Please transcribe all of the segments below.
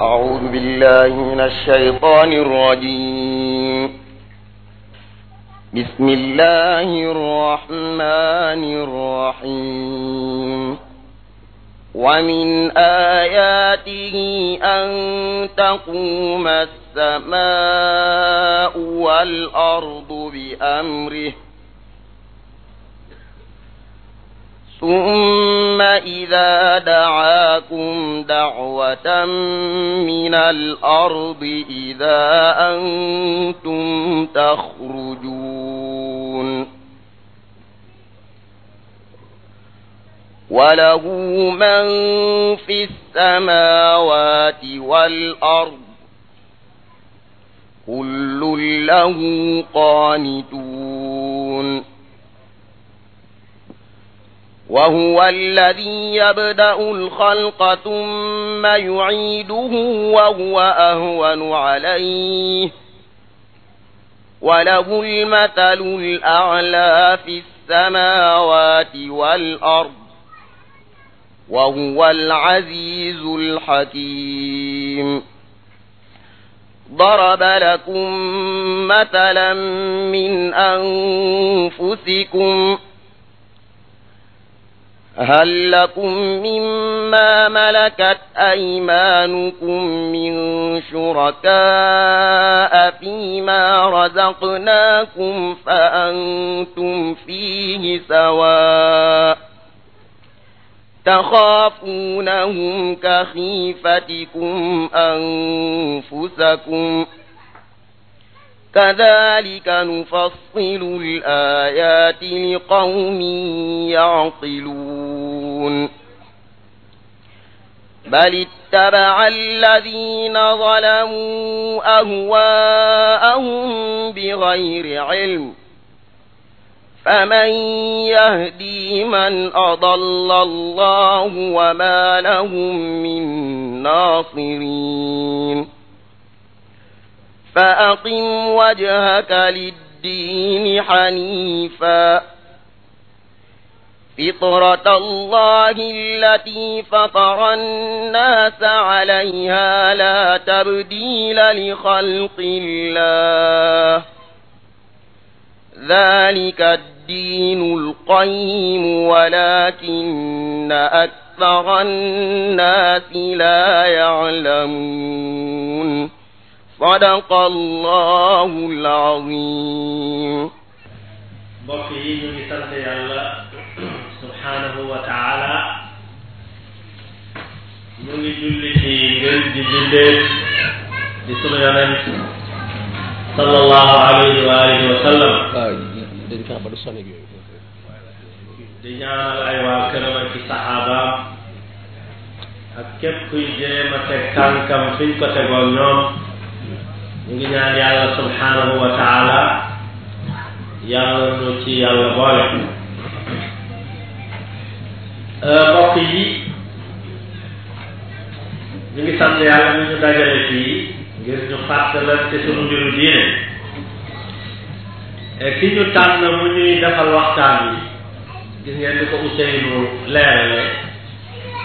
أعوذ بالله من الشيطان الرجيم بسم الله الرحمن الرحيم ومن آياته أن تقوم السماء والأرض بأمره ثم إذا دعاكم دعوة من الأرض إذا أنتم تخرجون وله من في السماوات والأرض كل له قانتون وهو الذي يبدأ الخلق ثم يعيده وهو أهون عليه وله المثل الأعلى في السماوات والأرض وهو العزيز الحكيم ضرب لكم مثلا من أنفسكم أنفسكم هل لكم مما ملكت أيمانكم من شركاء فيما رزقناكم فأنتم فيه سواء تخافونهم كخيفتكم أنفسكم كذلك نفصل الآيات لقوم يعقلون بل اتبع الذين ظلموا أهواءهم بغير علم فمن يهدي من أضل الله وما لهم من ناصرين فأقم وجهك للدين حنيفا فطرة الله التي فطر الناس عليها لا تبديل لخلق الله ذلك الدين القيم ولكن أكثر الناس لا يعلمون صدق الله العظيم mbokk yi ñu ngi sant yàlla subhaanahu wa taala ñu ngi julli ci ngën di jullee di sunu yonent sallallahu alayhi wa alihi wa sallam dañ fex ba du sonek yooyu di ñaanal ay waa këram ak ci saxaabaam ak képp kuy jéem a teg tànkam fiñ ko tegoon ñoom ñu ngi ñaan yàlla subhanahu wa yàlla nu ci yàlla boole euh, mbokk yi ñu ngi sant yàlla ñu ñu dajale fii ngir ñu fàttalante suñu mbiru diine ki ñu tànn mu ñuy defal waxtaan bi gis ngeen di ko Ousseynou leerale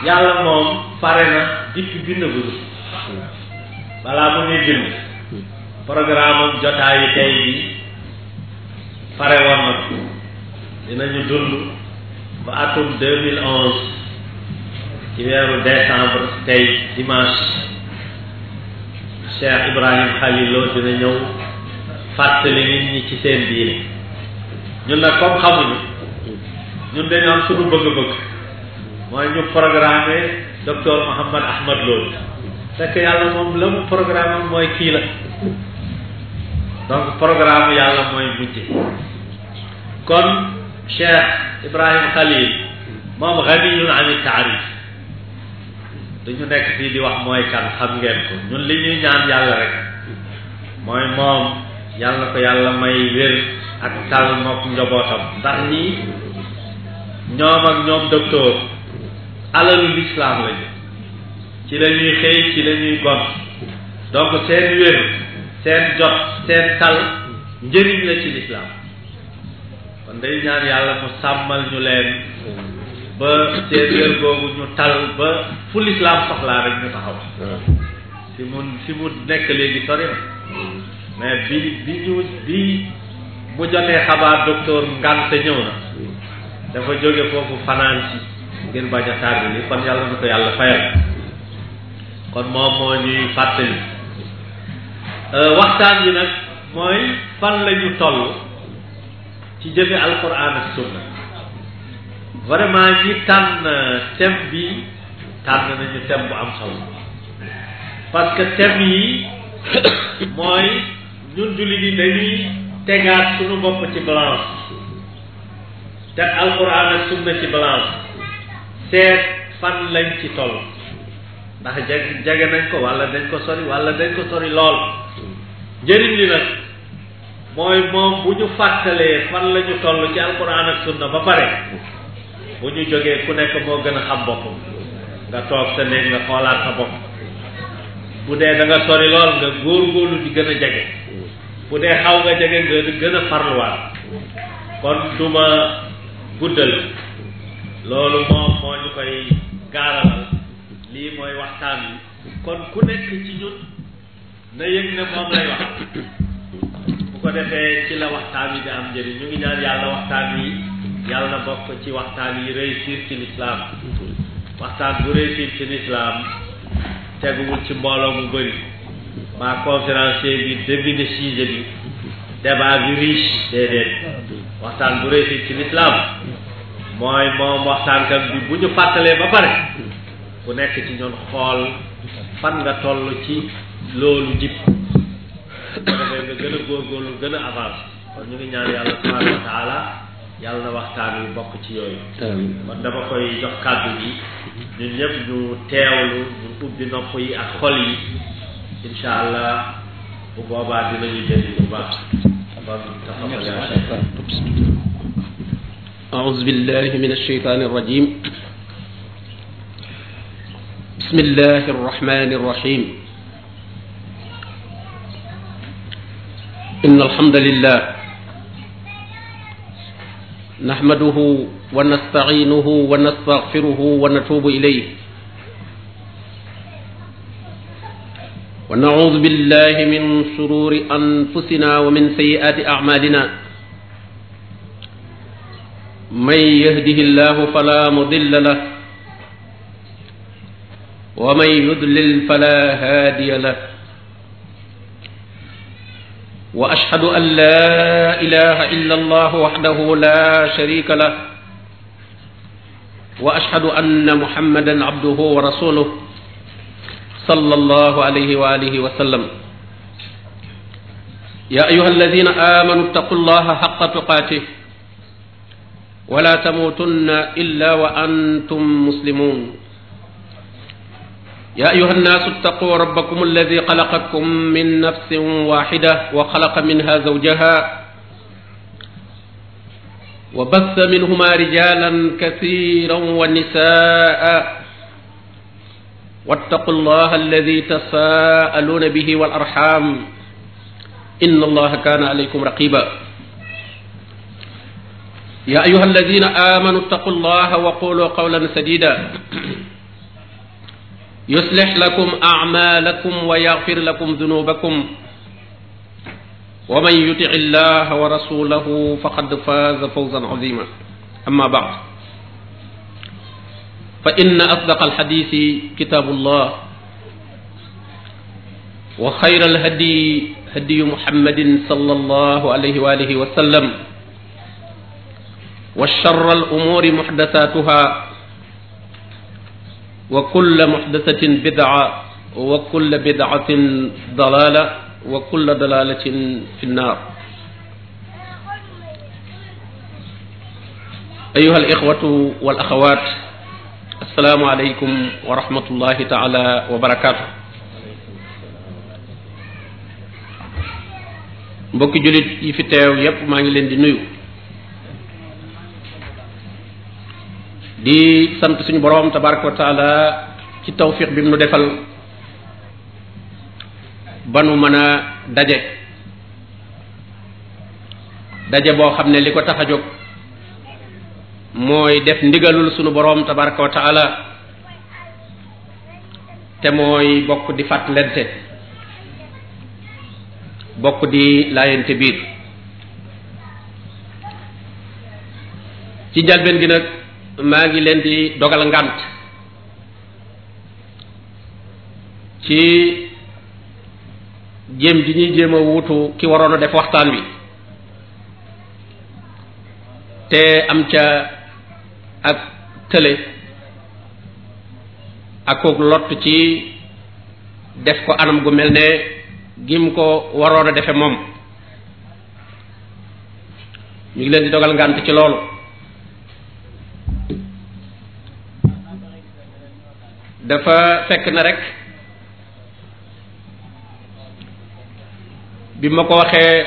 yàlla moom pare na dikk bind bu balaa mu ñuy bind programme jotaayu tey bi pare woon na dinañu dund ba atum deux mille onze ci weeru décembre tey dimanche Cheikh Ibrahim Khalil dina ñëw fàttali nit ñi ci seen diine ñun nag comme xamuñu ñun dañu am bëgg-bëgg mooy ñu programme docteur Mouhammad Ahmad Lo fekk yàlla moom la mu mooy kii la donc programme yàlla mooy mujj kon Cheikh Ibrahim Khalil moom ganiyun ani taarif dañu nekk fii di wax mooy kan xam ngeen ko ñun li ñuy ñaan yàlla rek mooy moom yàlla ko yàlla may wér ak tal mook njobootam ndax ñii ñoom ak ñoom docteur alalu lislaam lañu ci la xëy ci la gon donc seen wér seen jot seen tal njëriñ la ci lislaam kon day ñaan yàlla mu sàmmal ñu leen ba seen wér googu ñu tal ba fu lislaam soxlaa rek ñu taxaw si mu si mu nekk léegi sori mais bi bi ñu bi mu jotee xabaar docteur ngante ñëw na dafa jóge foofu fanaan si ngir bañ a tardé li kon yàlla na ko yàlla fayal kon moom moo ñuy fàttali euh, waxtaan yi nag mooy fan lañu ñu toll ci jëfe alquran ak sunna vraiment ñi tànn thème bi tànn nañu thème bu am solo parce que thème yi mooy ñun jullit yi dañuy tegaat suñu bopp ci balance teg alquran ak sunna ci balance seet fan lañ ci toll ndax jege jege nañ ko wala dañ ko sori wala dañ ko sori lool njëriñ li nag mooy moom bu ñu fàttalee fan lañu ñu ci alquran ak sunna ba pare bu ñu jógee ku nekk moo gën a xam boppam nga toog sa néeg nga xoolaat sa bopp bu dee da nga sori lool nga góorgóorlu di gën a jege bu dee xaw nga jege nga gën a farluwaat kon duma guddal loolu moom moo ñu koy gaaralal lii mooy waxtaan wi kon ku nekk ci ñun na yëg ne moom lay wax bu ko defee ci la waxtaan wi di am njëriñ ñu ngi ñaan yàlla waxtaan wi yàlla na bokk ci waxtaan yi réussir ci lislaam waxtaan bu réussir ci lislaam teguwul ci mbooloo mu bëri maa conférencier bi devine sujet bi débat bi riche déedéet waxtaan bu réussir ci lislaam mooy moom waxtaankat bi bu ñu fàttalee ba pare ku nekk ci ñoom xool fan nga toll ci loolu jib defee nga gën a góorgóorlu gën a avancé kon ñu ngi ñaan yàlla subhanahu wa yàlla na waxtaan yu bokk ci yooyu kon dama koy jox kàddu gi ñun ñëpp ñu teewlu ñu ubbi nopp yi ak xol yi insha allah bu boobaa dinañu jëriñ bu baax أعوذ بالله من الشيطان الرجيم بسم الله الرحمن الرحيم إن الحمد لله نحمده ونستعينه ونستغفره ونتوب إليه ونعوذ بالله من شرور أنفسنا ومن سيئات أعمالنا من يهده الله فلا مضل له ومن يضلل فلا هادي له وأشهد أن لا إله إلا الله وحده لا شريك له وأشهد أن محمدا عبده ورسوله صلى الله عليه وآله وسلم يا أيها الذين آمنوا اتقوا الله حق تقاته ولا تموتن إلا وأنتم مسلمون yaa ayuha annaasu ittaquu rabbakum alladi xalaqakum min nafsin waxida wa xalaqa minha zawjaha wa bassa minhuma rijalan kasiran wa nisaa wattaqu allaha alladi tasaaluuna bihi wal arxam inna allaha kaana alaykum raqiba yaa ayuha alladina amanu ittaqu allaha wa qulu qawlan sadida يصلح لكم أعمالكم ويغفر لكم ذنوبكم ومن يطع الله ورسوله فقد فاز فوزا عظيما أما بعد فإن أصدق الحديث كتاب الله وخير الهدي هدي محمد صلى الله عليه وآله وسلم وشر الأمور محدثاتها wa kulla muxdasatin bidaa wa kulla bidaatin dalaala wa kulla dalaalatin fi nnaar ayuha alixwatu wal axawaat assalaamu aleykum wa rahmatullahi taala wa barakaatu mbokki jullit yi fi teew yépp maa ngi leen di nuyu di sant suñu boroom tabaraka wa taala ci tawfiq bi mu nu defal ba nu mën a daje daje boo xam ne li ko tax a jóg mooy def ndigalul suñu boroom tabaraka wa te mooy bokk di fàttalente bokk di laayante biir ci njalbeen gi nag maa ngi leen di dogal ngànt ci jéem ji ñuy jéem a wuutu ki waroon a def waxtaan wi te am ca ak tële ak kook lot ci def ko anam gu mel ne gim ko waroon a defe moom ñu ngi leen di dogal ngànt ci loolu dafa fekk na rekk bi ma ko waxee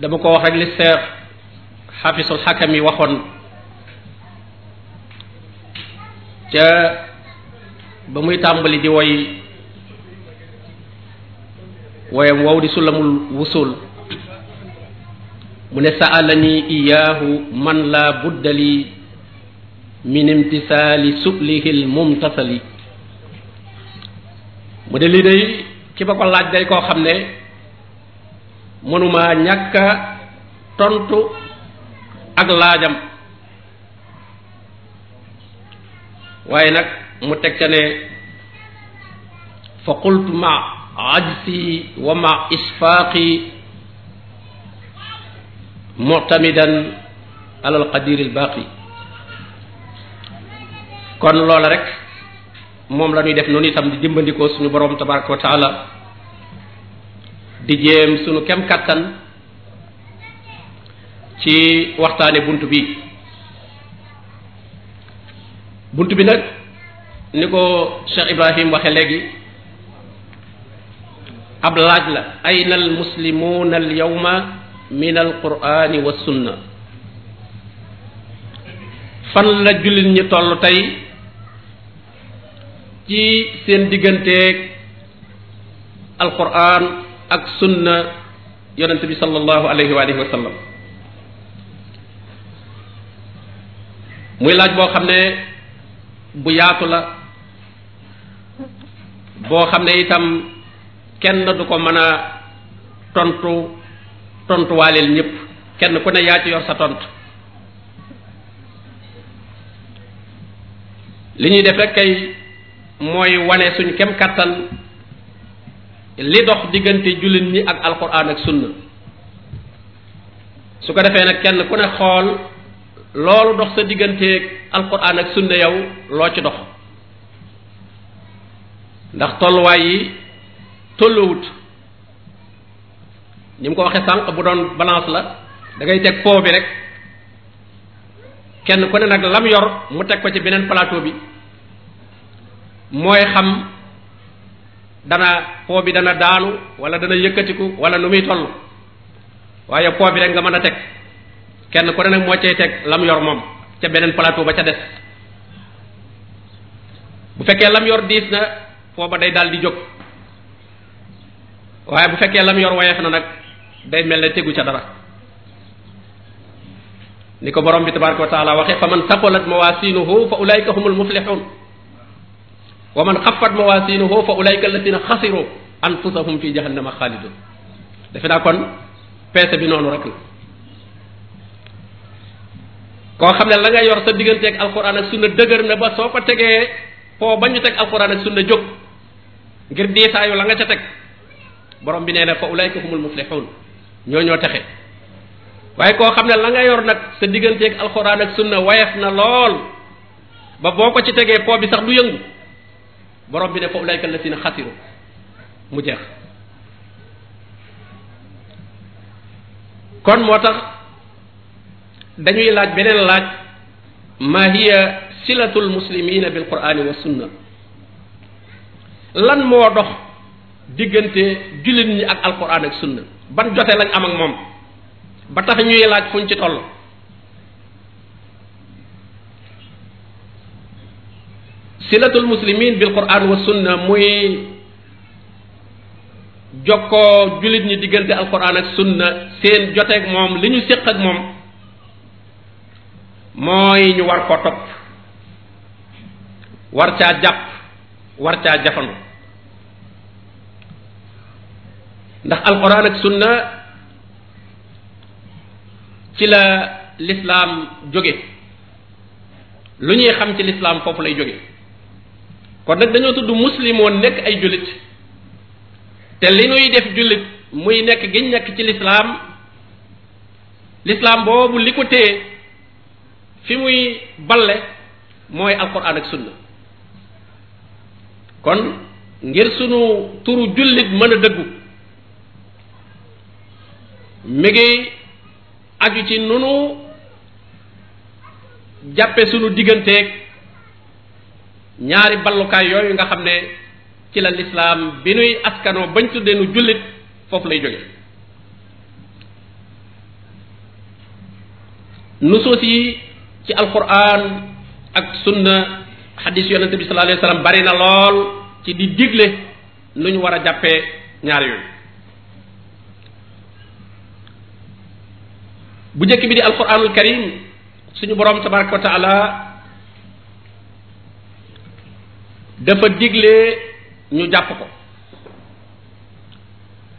dama ko wax rek li seex xafisul xakam waxoon ca ba muy tàmbali di woy woyam wow di sulamul wusul mu ne saalani iyaahu man laa buddali min imtisaali sublihil mumtasali mu de lii day ki ba ko laaj day koo xam ne mënuma ñàkk a tontu ak laajam waaye nag mu teg ca ne fa qultu ma ajsi wa ma isfaaqi muctamidan ala alqadiri albaaqi kon loola rek moom la ñuy def noonu itam di dimbandikoo suñu borom tabaraka wa taala di jéem suñu kem kàttan ci waxtaane bunt bi bunt bi nag ni ko Cheikh Ibrahim waxe léegi ab laaj la ayna al muslimuuna al yawma min al qur'ani wa sunna fan la jullit ñi toll tey ci seen digganteeg alquran ak sunna yonente bi sallallahu alayhi wa alihi muy laaj boo xam ne bu yaatu la boo xam ne itam kenn du ko mën a tontu tontuwaaleel ñépp kenn ku ne yaa ci yor sa tontu li ñuy def rek kay mooy wane suñ kem kàttal li dox diggante jullit ñi ak alquran ak sunna su ko defee nag kenn ku ne xool loolu dox sa digganteeg alquran ak sunna yow loo ci dox ndax tolluwaay yi tolluwut ni mu ko waxee sànq bu doon balance la dangay teg po bi rek kenn ku ne nag lam yor mu teg ko ci beneen plateau bi mooy xam dana po bi dana daanu wala dana yëkkatiku wala nu muy toll waaye po bi rek nga mën a teg kenn ku ne nag moo cay teg lamyor moom ca beneen plateau ba ca des bu fekkee lam yor diis na po ba dey daal di jóg waaye bu fekkee lam yor woyof na nag day mel ne tegu ca dara ni ko borom bi tabaraka wa taala waxee fa man saqulat mawasinuhu fa ulaika humul muflihun wa man xaffat mawaasinuhu fa ulaika alladina xasiru anfusahum fi jahannama xaalidun defe naa kon peese bi noonu rek la koo xam ne la nga yor sa digganteeg alquran ak sunna dëgër na ba soo ko tegee foo ba ñu teg alquran ak sunna jóg ngir diisaayu la nga ca teg borom bi nee na fa ulayka humul muflixuun ñoo ñoo texe waaye koo xam ne la nga yor nag sa digganteeg alquran ak sunna wayef na lool ba boo ko ci tegee foo bi sax du yëngu borom bi ne fa ulayka alladina xasiru mu jeex kon moo tax dañuy laaj beneen laaj maa hiya silatul muslimina bil qur'ani wa sunna lan moo dox diggante jullit ñi ak alquran ak sunna ban jote lañ am ak moom ba tax ñuy laaj fuñ ci toll silatul muslimin bil quran wa sunna muy jokkoo jullit ñi diggante alquran ak sunna seen joteeg moom li ñu séq ak moom yi ñu war ko topp war caa jàpp war caa jafandu ndax alquran ak sunna ci la lislaam jóge lu ñuy xam ci lislaam foofu lay jóge kon nag dañoo tudd muslimoon nekk ay jullit te li nuy def jullit muy nekk giñ nekk ci lislaam lislaam boobu li ko téye fi muy bale mooy alquran ak sunna kon ngir sunu turu jullit mën a dëggu mi ngi aju ci nunu jàppe sunu digganteeg ñaari ballukaay yooyu nga xam ne ci la lislaam bi nuy askanoo bañ tuddee nu jullit foofu lay jóge nusuus yi ci alquran ak sunna xadis yonente bi sallallahu alayhi wasallam bari na lool ci di digle nu ñu war a jàppee ñaar yooyu bu njëkk bi di alquranul karim suñu borom tabaraka wa dafa digle ñu jàpp ko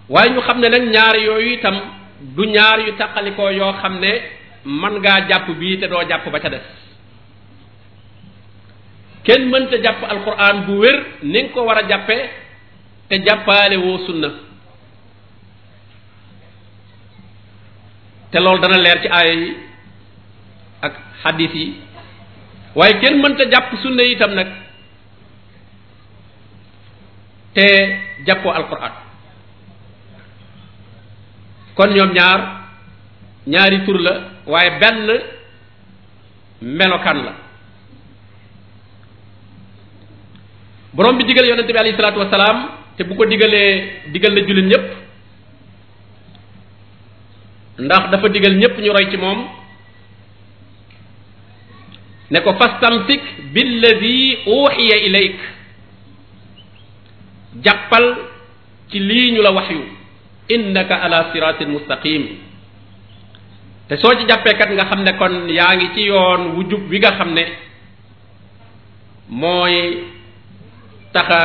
waaye ñu xam ne nag ñaar yooyu itam du ñaar yu taqalikoo yoo xam ne man ngaa jàpp bii te doo jàpp ba ca des kenn mënta jàpp alquran bu wér ni ko war a jàppe te jàppaale woo sunna te loolu dana leer ci aaya yi ak xadis yi waaye kenn mënta jàpp sunna itam nag te jàppoo alquran kon ñoom ñaar ñaari tur la waaye benn melokaan la borom bi digal yonente bi alayhi salaatu wasalaam te bu ko digalee digal na jullit ñépp ndax dafa digal ñépp ñu roy ci moom ne ko fastamsik billadi uxiya ilayk jàppal ci lii ñu la wax yu innaka ala siratin mustaqim te soo ci jàppeekat nga xam ne kon yaa ngi ci yoon wu jub wi nga xam ne mooy taxa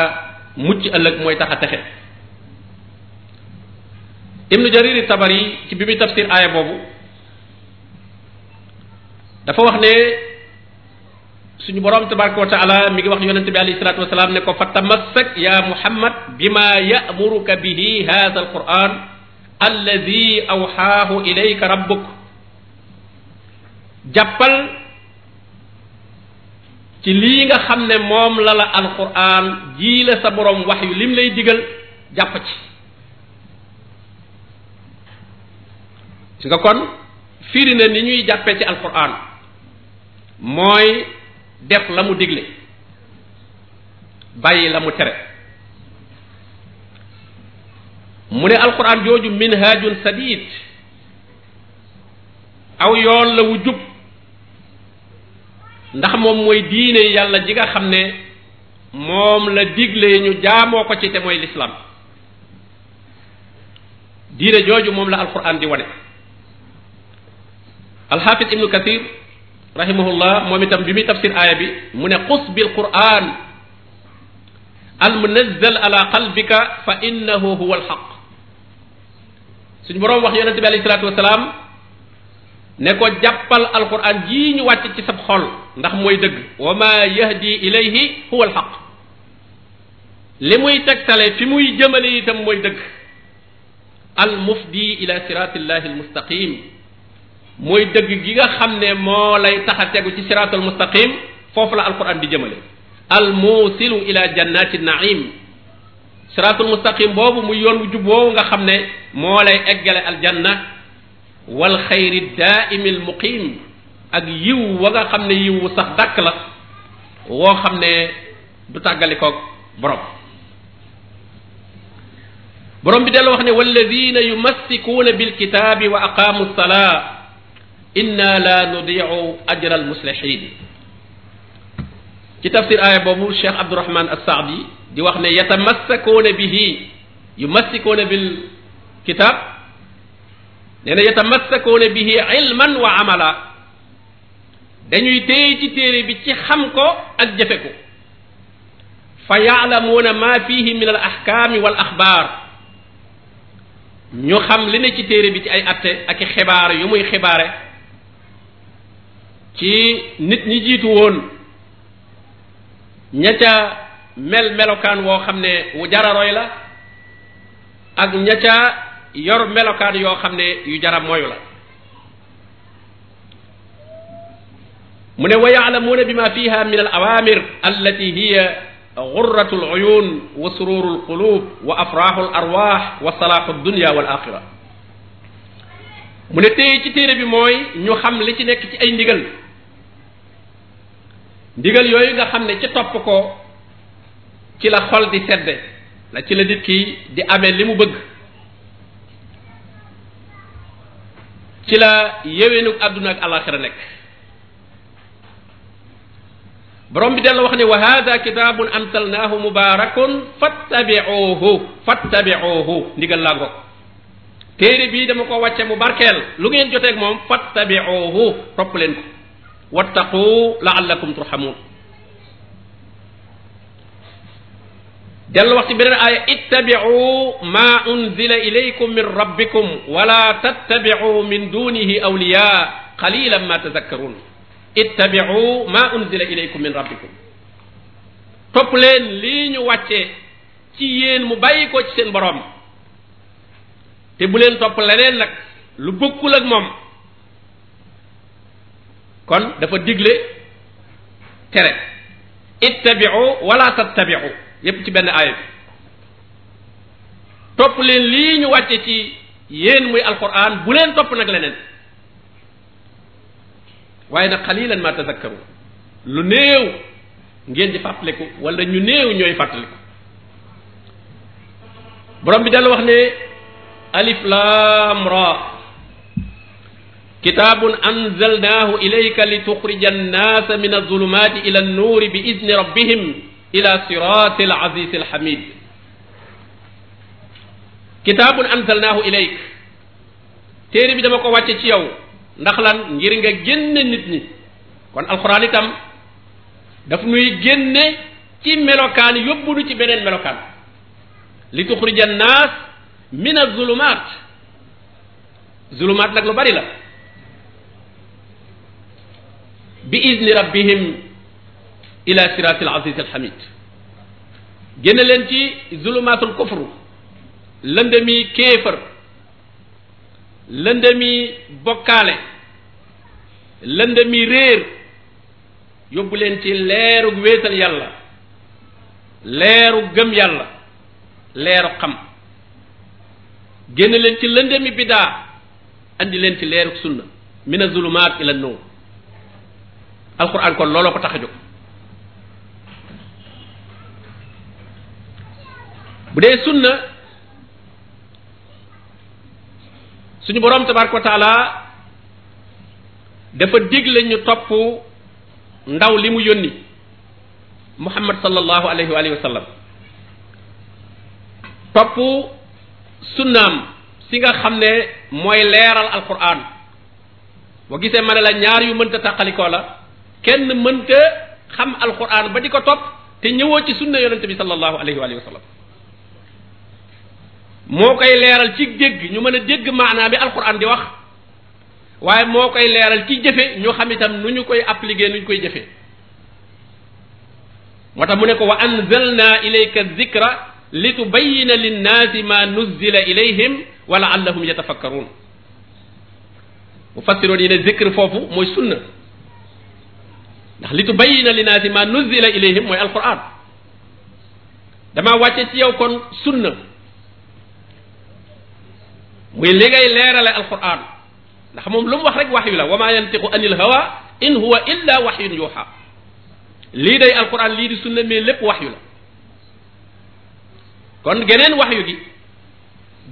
mucc ëllëg mooy taxa texe ibnu jariri tabari ci bi muy tafsir aaya boobu dafa wax ne suñu borom tabaraka wa taala mi ngi wax yonente bi alayhi salatu wasalaam ne ko fa tamassak ya muhammad bima ya'muruka bihi hadha alquran alladi awxaahu ilayka rabbuk ci lii nga xam ne moom la la alquran jii la sa borom wax yu lim lay digal jàpp ci si nga kon firi na ni ñuy jàppee ci alquran mooy def la mu digle bàyyi la mu tere mu ne alquran jooju minhajun sadid aw yoon la wu jub ndax moom mooy diine yàlla ji nga xam ne moom la digle ñu jaamoo ko ci te mooy lislaam diine jooju moom la alquran di wane alxaafis ibnu kathir rahimahullah moom itam bi muy tafsir aaya bi mu ne xus bil quran al munazzal ala qalbika fa innahu huwa alxaq suñu boroom wax yonente bi alayhi salaatu wasalaam ne ko jàppal alquran jii ñu wàcc ci sab xol ndax mooy dëgg wa ma yahdi ilayhi huwa alxaq li muy tegtale fi muy jëmale itam mooy dëgg al mufdi ila siratillahi almustaqim mooy dëgg gi nga xam ne moo lay tax a tegu ci siraatul mustaqim foofu la alquran di jëmale al muusilu ila jannati naim siraatul mustaqim boobu muy yoon wu woowu nga xam ne moo lay eggale aljanna wal xayri daaimi al muqim ak yiw wa nga xam ne yiw wu sax dàkk la woo xam ne du tàggalikoog borom borom bi dellu wax ne walladina yumassikuuna bilkitaabi wa aqaamu salaa inna la nudiu ajra al muslihin ci tafsir aaya boobu cheikh abdourahman assaadi di wax ne yatamassakuuna bihi yumassikuuna bil kitab nee na yatamassakuuna bihi ilman wa amala dañuy téye ci téere bi ci xam ko ak jëfe ko fa yaalamuuna ma fihi min al ahkaami wal axbaar ñu xam li ne ci téere bi ci ay atte ak i xibaar yu muy xibaare ci nit ñi jiitu woon ña mel melokaan woo xam ne wu jara roy la ak ña ca yor melokaan yoo xam ne yu jara moyu la mu ne wa yaalamuuna bima fiha min al awamir allati hiya gurratu al uyun wa sururu al qulub wa afrahu al wa salahu mu ne téye ci téere bi mooy ñu xam li ci nekk ci ay ndigal ndigal yooyu nga xam ne ci topp ko ci la xol di sedde la ci la nit di amee li mu bëgg ci la yéwénuk àdduna ak alaxira nekk borom bi della wax ne wa hada kitabun anzalnahu mubarakun fattabi'uhu fattabi'uhu ndigal laa ngo téere bii dama ko wàcce mu barkeel lu ngeen joteeg moom fattabi'uhu topp leen ko wattaqu laallakum turhamun dellu wax ci beneen aaya ittabiu ma unzila ilaykum min rabbikum wala tattabiu min dunihi awliya qalilan ma tazakkarun ittabiu ma unzila ilaykum min rabbikum topp leen lii ñu wàcce ci yéen mu bàyyi ko ci seen borom te bu leen topp leneen nag lu bokkul ak moom kon dafa digle tere ittabiu wala tattabiu yépp ci benn aaya bi topp leen lii ñu wàcce ci yéen muy alquran bu leen topp nag leneen waaye nag xalilan ma tazakkaru lu néew ngeen di fàttaliku wala ñu néew ñooy fàttaliku borom bi dellu wax ne alif lam kitaabun anzalnaahu ilayka li tuxrija annaasa min azulumaati ila annuuri bi idni rabbihim ila siraati alazizi alhamid kitaabun anzalnaahu ilayk téere bi dama ko wàcce ci yow ndax lan ngir nga génne nit ñi kon alxuraan itam daf nuy génne ci melokaan yóbbu nu ci beneen melokaan li tuxrija annaas min azulumaat zulumaat nag lu bari la bi izni rabbihim ila siraatil azizil hamid génne leen ci zulumaatul kufru lëndëmi kéefër lëndëmi bokkaale lëndëmi réer yóbbu leen ci leeru wéetal yàlla leeru gëm yàlla leeru xam génne leen ci lëndëmi bidaa andi leen ci leeru sunna mina zulumaat ila nuur alquran kon looloo ko tax a jóg bu dee sunna suñu boroom tabaraka wa taala dafa digle ñu topp ndaw li mu yónni muhammad sallallahu alayhi wa alihi wa sallam topp sunnaam si nga xam ne mooy leeral alquran boo gisee ma ne la ñaar yu mënta tàqalikoo la kenn mënta xam alquran ba di ko topp te ñëwoo ci sunna yonente bi sallallahu alayhi wa sallam moo koy leeral ci dégg ñu mën a jég maanaa bi alquran di wax waaye moo koy leeral ci jëfe ñu xam itam nu ñu koy appliquer nu ñu koy jëfe moo mu ne ko wa anzalna ilayka dhikra litubayyina linnaasi ma nuzzila ilayhim wa la'allahum yatafakkaruun mufassiroon yi ne dhikr foofu mooy sunna ndax li tubayyina linnaasi ma nuzila ilayhim mooy alquran damaa wàcce ci yow kon sunna muy li ngay leerale alquran ndax moom lu mu wax rek waxyu la wa ma yantiqu anil hawa in huwa illa waxyun yuuxa lii day alquran lii di sunna mais lépp waxyu la kon geneen waxyu gi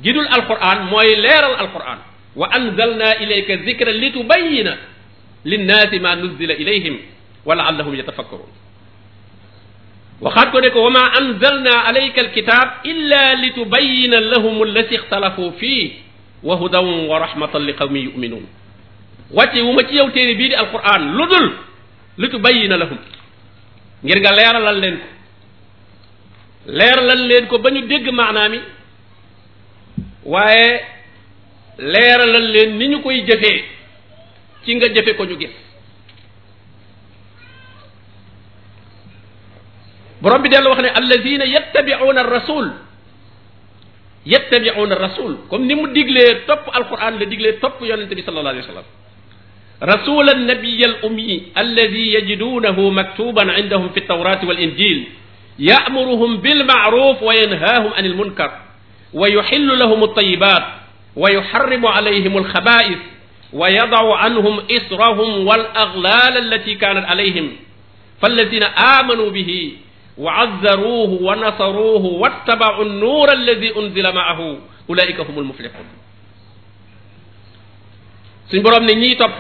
gidul alquran mooy leeral alquran wa anzalna ilayka zikra li tubayyina linnaasi ma nuzila ilayhim wala allahum yatafakkarun waxaat ko ne ko wa ma anzalna alayka alkitab illa li tubayina lahum allati ixtalafu fii wa hudan wa li qawmi yuminuun wàcce wu ma ci yow téere bii di alquran lu dul li tubayina lahum ngir nga leeralal leen ko leeralal leen ko ba ñu dégg maanaam yi waaye leeralal leen ni ñu koy jëfee ci nga jëfe ko ñu gis borom bi dellu wax ne allazina yattabi'una rasul yattabi'una rasul comme ni mu diglee topp alquran la diglee topp yonente bi sallallahu alayhi wa sallam rasula nabiya al ummi alladi yajidunahu maktuban indahum fi tawrati wal injil ya'muruhum bil ma'ruf wa yanhahum anil munkar wa yuhillu lahum at-tayyibat wa yuharrimu alayhim al-khaba'ith wa yada'u anhum israhum wal aghlal allati kanat alayhim fallazina amanu bihi wa azzaruuhu wa nasaruuhu wattabau nuura alladi unzila maahu ulaika humul muflihun suñ boroom ne ñiy topp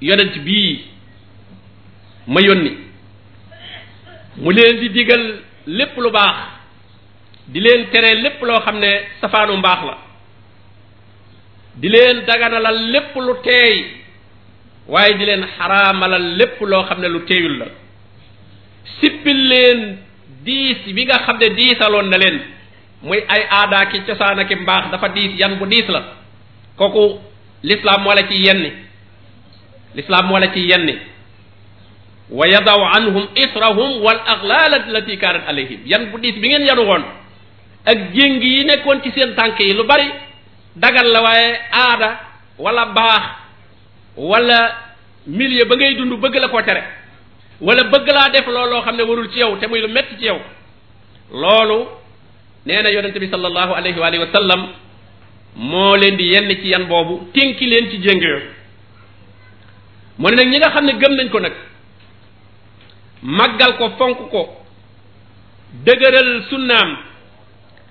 yonent bii ma yónni mu leen di digal lépp lu baax di leen tere lépp loo xam ne safaanu mbaax la di leen daganalal lépp lu teey waaye di leen xaraamalal lépp loo xam ne lu teeyul la sippil diis bi nga xam ne diisaloon na leen muy ay aadaaki ki cosaan mbaax dafa diis yan bu diis la kooku lislaam moo la ci yenni lislaam moo la ci yenni wa yadaw anhum israhum wal aglaal allati kaanat alayhim yan bu diis bi ngeen yanu woon ak jéng yi nekkoon ci seen tànk yi lu bari dagal la waaye aada wala baax wala milieu ba ngay dund bëgg la ko tere wala bëgg laa def loolu loo xam ne warul ci yow te muy lu metti ci yow loolu nee na yonente bi sallallahu alayhi waalihi moo leen di yenn ci yan boobu ténki leen ci jéng yooyu mu ne nag ñi nga xam ne gëm nañ ko nag màggal ko fonk ko dëgëral sunnaam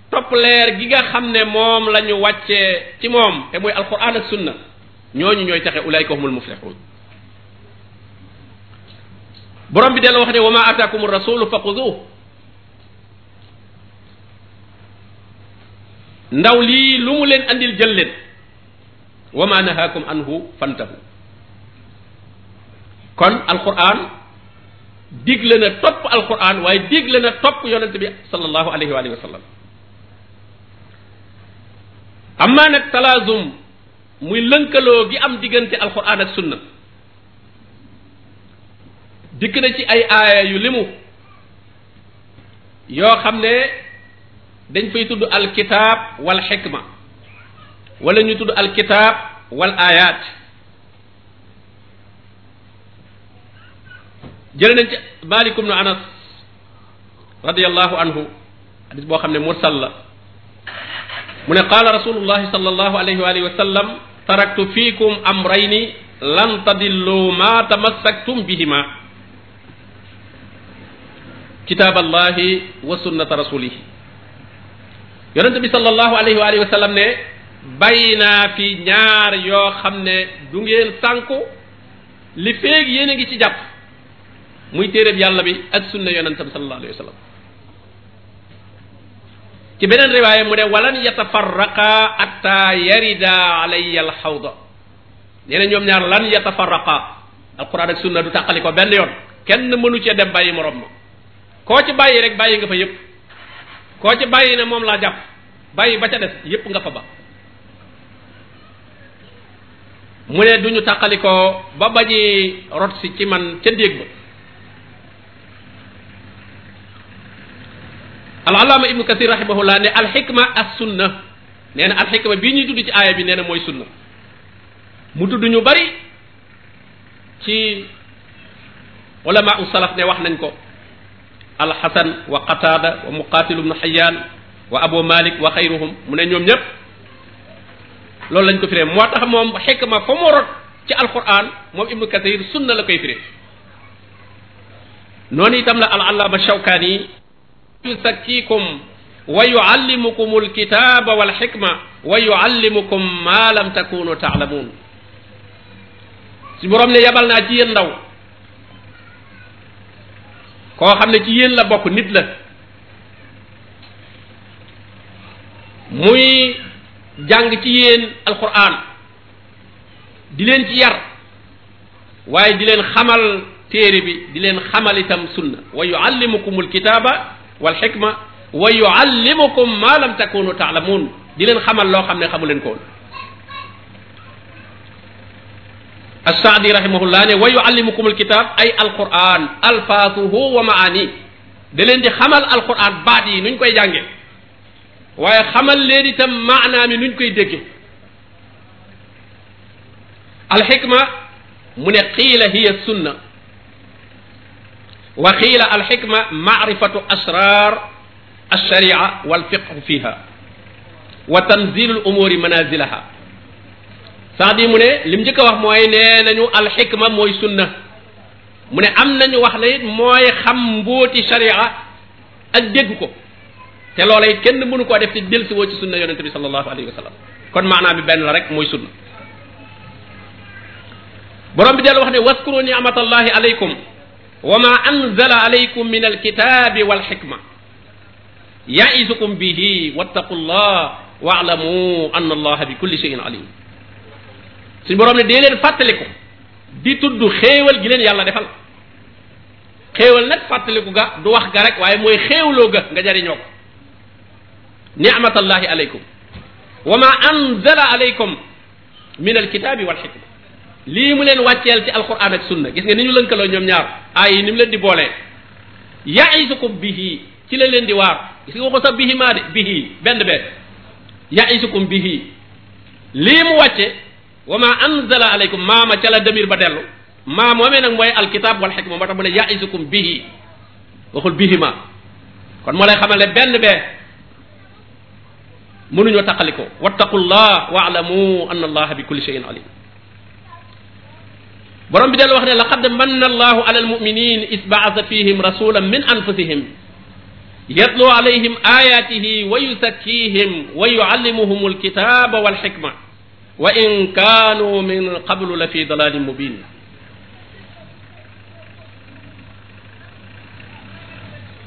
topp leer gi nga xam ne moom la wàcce wàccee ci moom te muy alquran ak sunna ñooñu ñooy taxe ulaayka humul muflixuun borom bi delloo wax ne wa ma ataakum rasulu faqudu ndaw lii lu mu leen andil jël leen wa ma nahaakum anhu fantahu kon alquran digle na topp alquran waaye digle na topp yonent bi sallallahu alayhi wa alihi wa sallam amma nag muy lënkaloo gi am diggante alquran dikk na ci ay aaya yu limu yoo xam ne dañ fay tudd alkitaab wal xikma wala ñu tudd alkitaab wal aayaat jël nañ ci malikum nu anas radiallahu anhu hadis boo xam ne mursal la mu ne qaala rasulullahi sallallahu alayhi wa alihi wa sallam taraktu fiikum amrayni lan tadillu ma tamassaktum bihima kitaaballahi wa sunnata rasulihi yonente bi sallallahu alayhi wa alihi wa sallam ne bàyyi naa fi ñaar yoo xam ne du ngeen sànku li feeg yéen a ngi ci jàpp muy téeréb yàlla bi ak sunna yonente bi sallallahu alayhi wa sallam ci beneen riwaaya mu ne walan yatafarraqa hatta yarida alayya alxawda nee na ñoom ñaar lan yatafarraqa alquran ak sunna du tàqali ko benn yoon kenn mënu cee dem bàyyi morom ma koo ci bàyyi rek bàyyi nga fa yépp koo ci bàyyi ne moom laa jàpp bàyyi ba ca des yépp nga fa ba mu ne duñu taqalikoo ba bañi rot si ci man ca déeg ba alallaama ibnu kathir rahimahullah ne alxikma as sunna nee na alxikma bii ñuy tudd ci aaya bi nee na mooy sunna mu dudd ñu bari ci ulama u salaf ne wax nañ ko alxasan wa qataada wa muqatil ibnu xayaan wa abu malik wa xayruhum mu ne ñoom ñépp loolu lañ ko firee moo tax moom xikma fa mu rot ci alquran moom ibnu kathir sunna la koy firee noonu itam la alallaama shawkaani yusakkikum wa yuallimukum alkitaba walxikma wa yuallimukum ma lam takunu taalamuun su borom ne yabal naa ci yéen ndaw koo xam ne ci yéen la bokk nit la muy jàng ci yéen alquran di leen ci yar waaye di leen xamal téere bi di leen xamal itam sunna wa yuallimukum alkitaba walxikma wa yuallimukum ma lam takunu taalamuun di leen xamal loo xam ne xamu leen ko woon as-saadi rahimahullah ne wa yuallimukumul kitaab ay alquran alfaatuhu wa maani da leen di xamal alquran baat yi nuñ koy jànge waaye xamal leen itam maanaa mi nuñ koy dégge alxikma mu ne xiila hiya sunna wa xiila alxikma maarifatu asrar alsharia walfiqhu fiha wa tanzilu al umuri manazilaha saad yi mu ne lim njëkk a wax mooy nee nañu alxikma mooy sunna mu ne am nañu wax la it mooy xam mbóoti sharia ak dégg ko te loola it kenn mënu koo def te delsi woo ci sunna yonente bi sallallahu alayhi wa sallam kon maanaam bi benn la rek mooy sunna borom bi dellu wax ne waskuru ni'matallahi alaykum wa ma anzala alaykum min alkitabi walxikma ya'izukum bihi wattaqullah wa'lamu anna allaha bi kulli shay'in alim suñu borom ne dee leen fàttaliku di tudd xéewal gi leen yàlla defal xéewal nag fàttaliku ga du wax ga rek waaye mooy xeewloo ga nga jariñoo ko ni'matallahi aleykum wa ma anzala aleykum min alkitaabi wal xikma lii mu leen wàcceel ci alquran ak sunna gis nga ni ñu lënkaloo ñoom ñaar ay ni mu leen di boolee yaisukum bihi ci la leen di waar gis nga ko sax bihi maa de bihi benn benn yaisukum bihi lii mu wàcce wa ma anzala aleykum maama ca la demir ba dellu maa moomee nag mooy alkitab wal xikma moo tax mu ne yaisukum bihi waxul bihima kon moo lay xamal ne benn bee mënuñoo taqaliko wattaqullah waalamu anna allaha bi kulli shay'in alim borom bi dellu wax ne laqad manna allahu ala almuminin is baasa fihim rasulan min anfusihim yatlu alayhim ayatihi wa yusakkihim wa yuallimuhum alkitaba walxikma wa in kaanu min qablu la fi dalalin mubin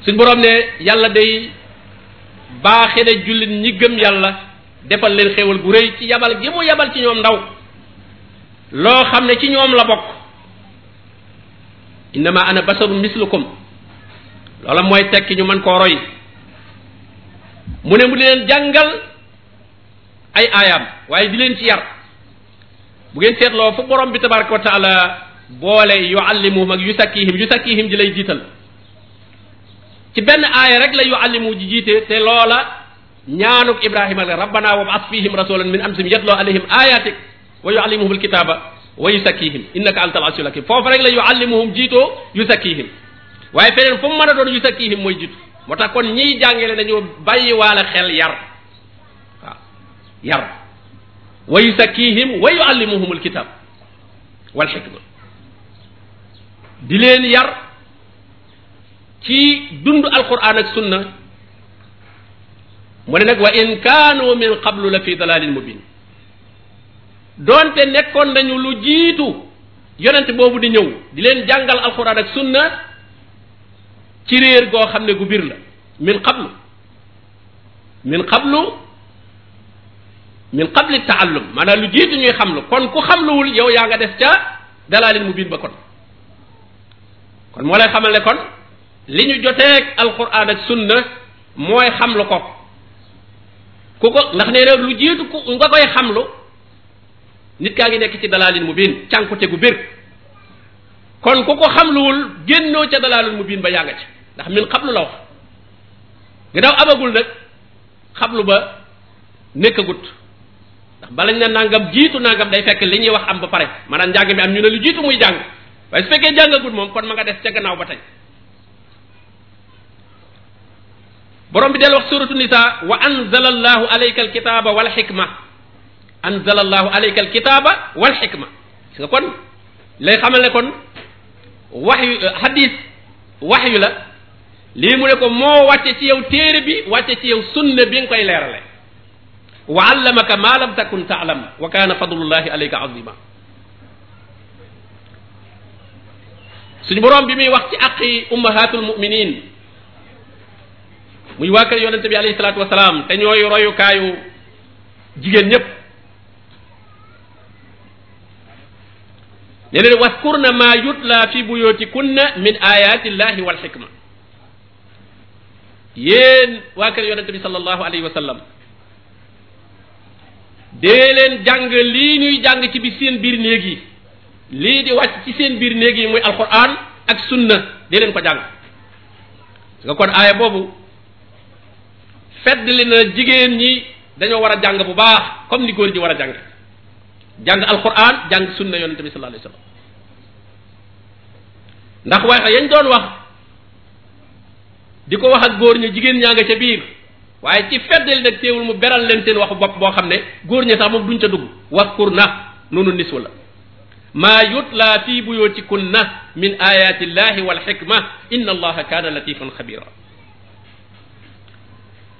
suñ boroom ne yàlla day baaxe na jullit ñi gëm yàlla defal leen xéewal gu rëy ci yabal gi mu yabal ci ñoom ndaw loo xam ne ci ñoom la bokk innama ana basarun mislukum loola mooy tekki ñu mën koo roy mu ne mu di leen jàngal ay aayaam waaye di leen ci yar bu ngeen seetloo fu borom bi tabaraka wa taala boole yuallimuhum ak yusakkihim yusakkihim ji lay jiital ci benn aaya rek la yuallimu ji jiite te loola ñaanuk ibrahima la rabbana wa ba'ath fihim rasulan min amsim yatloo alayhim ayatik wa yuallimuhum alkitaba wa yusakkihim innaka antal azizul hakim foofu rek la yuallimuhum jiitoo yusakkihim waaye feneen fu mu mën a doon yusakkihim mooy jiitu moo tax kon ñiy jàngale dañoo bàyyi waala xel yar yar wa yusakkihim wa yuallimuhum alkitab wal xikma di leen yar ci dund alquran ak sunna mu ne nag wa in kaanu min qablu la fi dalalin mubin doonte nekkoon nañu lu jiitu yonent boobu di ñëw di leen jàngal alquran ak sunna ci réer goo xam ne gu bir la min qablu min qablu min qabli taallum maanaam lu jiitu ñuy xamlu kon ku xamluwul yow yaa nga des ca dalaalin mu biin ba kon kon moo lay xamal ne kon li ñu joteeg alquran ak sunna mooy xamlu ko ku ko ndax nee na lu jiitu ku nga koy xamlu nit kaa ngi nekk ci dalaalin mu biin cànkute gu bir kon ku ko xam xamluwul génnoo ca dalaalin mu biin ba yaa nga ci ndax min xablu la wax gannaaw amagul nag xablu ba nekkagut ndax balañ na nangam jiitu nangam day fekk li ñuy wax am ba pare maanaam njàng mi am ñu ne lu jiitu muy jàng waaye su fekkee jàngagul moom kon ma nga des ca gannaaw ba tey borom bi del wax suratu nisa wa anzala allahu alayka alkitaba wal xikma anzala allahu alayka alkitaba wal xikma gis nga kon lay xamal ne kon waxyu hadis euh, waxyu la lii mu ne ko moo wàcce ci yow téere bi wàcce ci yow sunna bi nga koy leerale wa allamaka ma lam takun taalam wa kaana fadlullahi alayka azima suñu boroom bi muy wax ci aqi ummahatul muminin muy waa kër yonente bi alayhi salaatu wasalaam te ñooy royukaayu jigéen ñépp ne leen waskurna ma yutla fi buyutikunna min ayati llahi wal xikma yéen waa kër yonente bi sallallahu alayhi wa sallam dee leen jàng lii ñuy jàng ci bi seen biir néeg yi lii di wàcc ci seen biir néeg yi muy alquran ak sunna dee leen ko jàng nga kon aaya boobu fedd li na jigéen ñi dañoo war a jàng bu baax comme ni góor ji war a jàng jàng alquran jàng sunna yonente bi sallallahu alayhi wasallam ndax waaye yañ doon wax di ko wax ak góor ñu jigéen ñaa nga ca biir waaye ci feddali nag teewul mu beral leen seen waxu bopp boo xam ne góor ñi sax moom duñ ca dugg waskur na noonu niswa la maa yutla fii buyootikunna min ayati illahi walxikma inna allaha kaana latifan xabira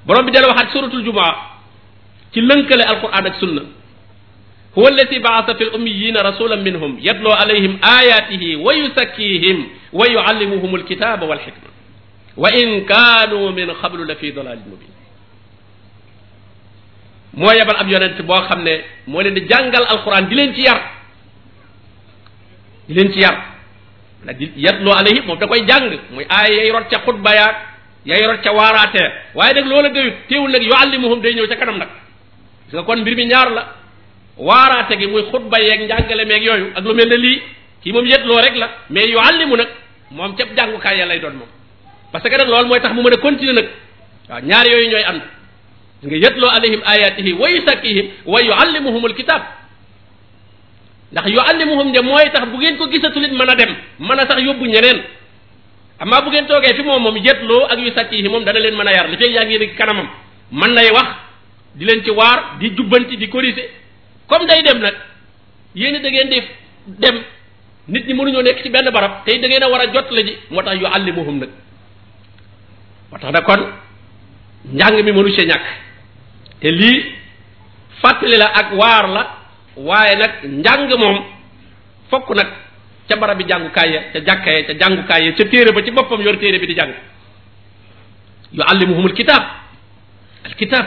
borom bi dana waxaat suratul jumaa ci lënkale alquran ak sunna huwa alladi baasa fi lummiyina rasulan minhum yatloo alayhim ayatihi wa yusakkihim wa yuallimuhum alkitaba walxikma wa in kaanu min qablu la fi dalalin mubin moo yebal ab yonent boo xam ne moo leen di jàngal alquran di leen ci yar di leen ci yar nag di yatloo alayhi moom da koy jàng muy aay yay rot ca xutba yaag yay rot ca waaraatee waaye nag loola doyut téewul nag yuallimuhum day ñëw ca kanam nag parce que kon mbir mi ñaar la waaraate gi muy xutba yeeg njàngale meeg yooyu ak lu mel ne lii kii moom yetloo rek la mais yuallimu nag moom ca jàngukaay ya lay doon moom parce que nag loolu mooy tax mu mën a continuer nag ñaar yooyu ñooy am gis nga yatloo alayhim ayatihi wa yusakkihim wa yuallimuhum alkitab ndax yuallimuhum de mooy tax bu ngeen ko gisatulit mën a dem mën a sax yóbbu ñeneen amaa bu ngeen toogee fi moom moom yetloo ak yusakkihim moom dana leen mën a yar li fekk yaa ngi yéen kanamam mën nay wax di leen ci waar di jubbanti di corriger comme day dem nag yéen da ngeen di dem nit ñi mënuñoo nekk ci benn barab tey da ngeen a war a jot la ji moo tax yuallimuhum nag moo tax nag kon njàng mi mënu see ñàkk te lii fàttali la ak waar la waaye nag njàng moom fokk nag ca barabi jàngukaay ya ca jàkka ya ca jàngukaay ya ca téere ba ci boppam yor téere bi di jàng yu allimuhumul kitaab al kitaab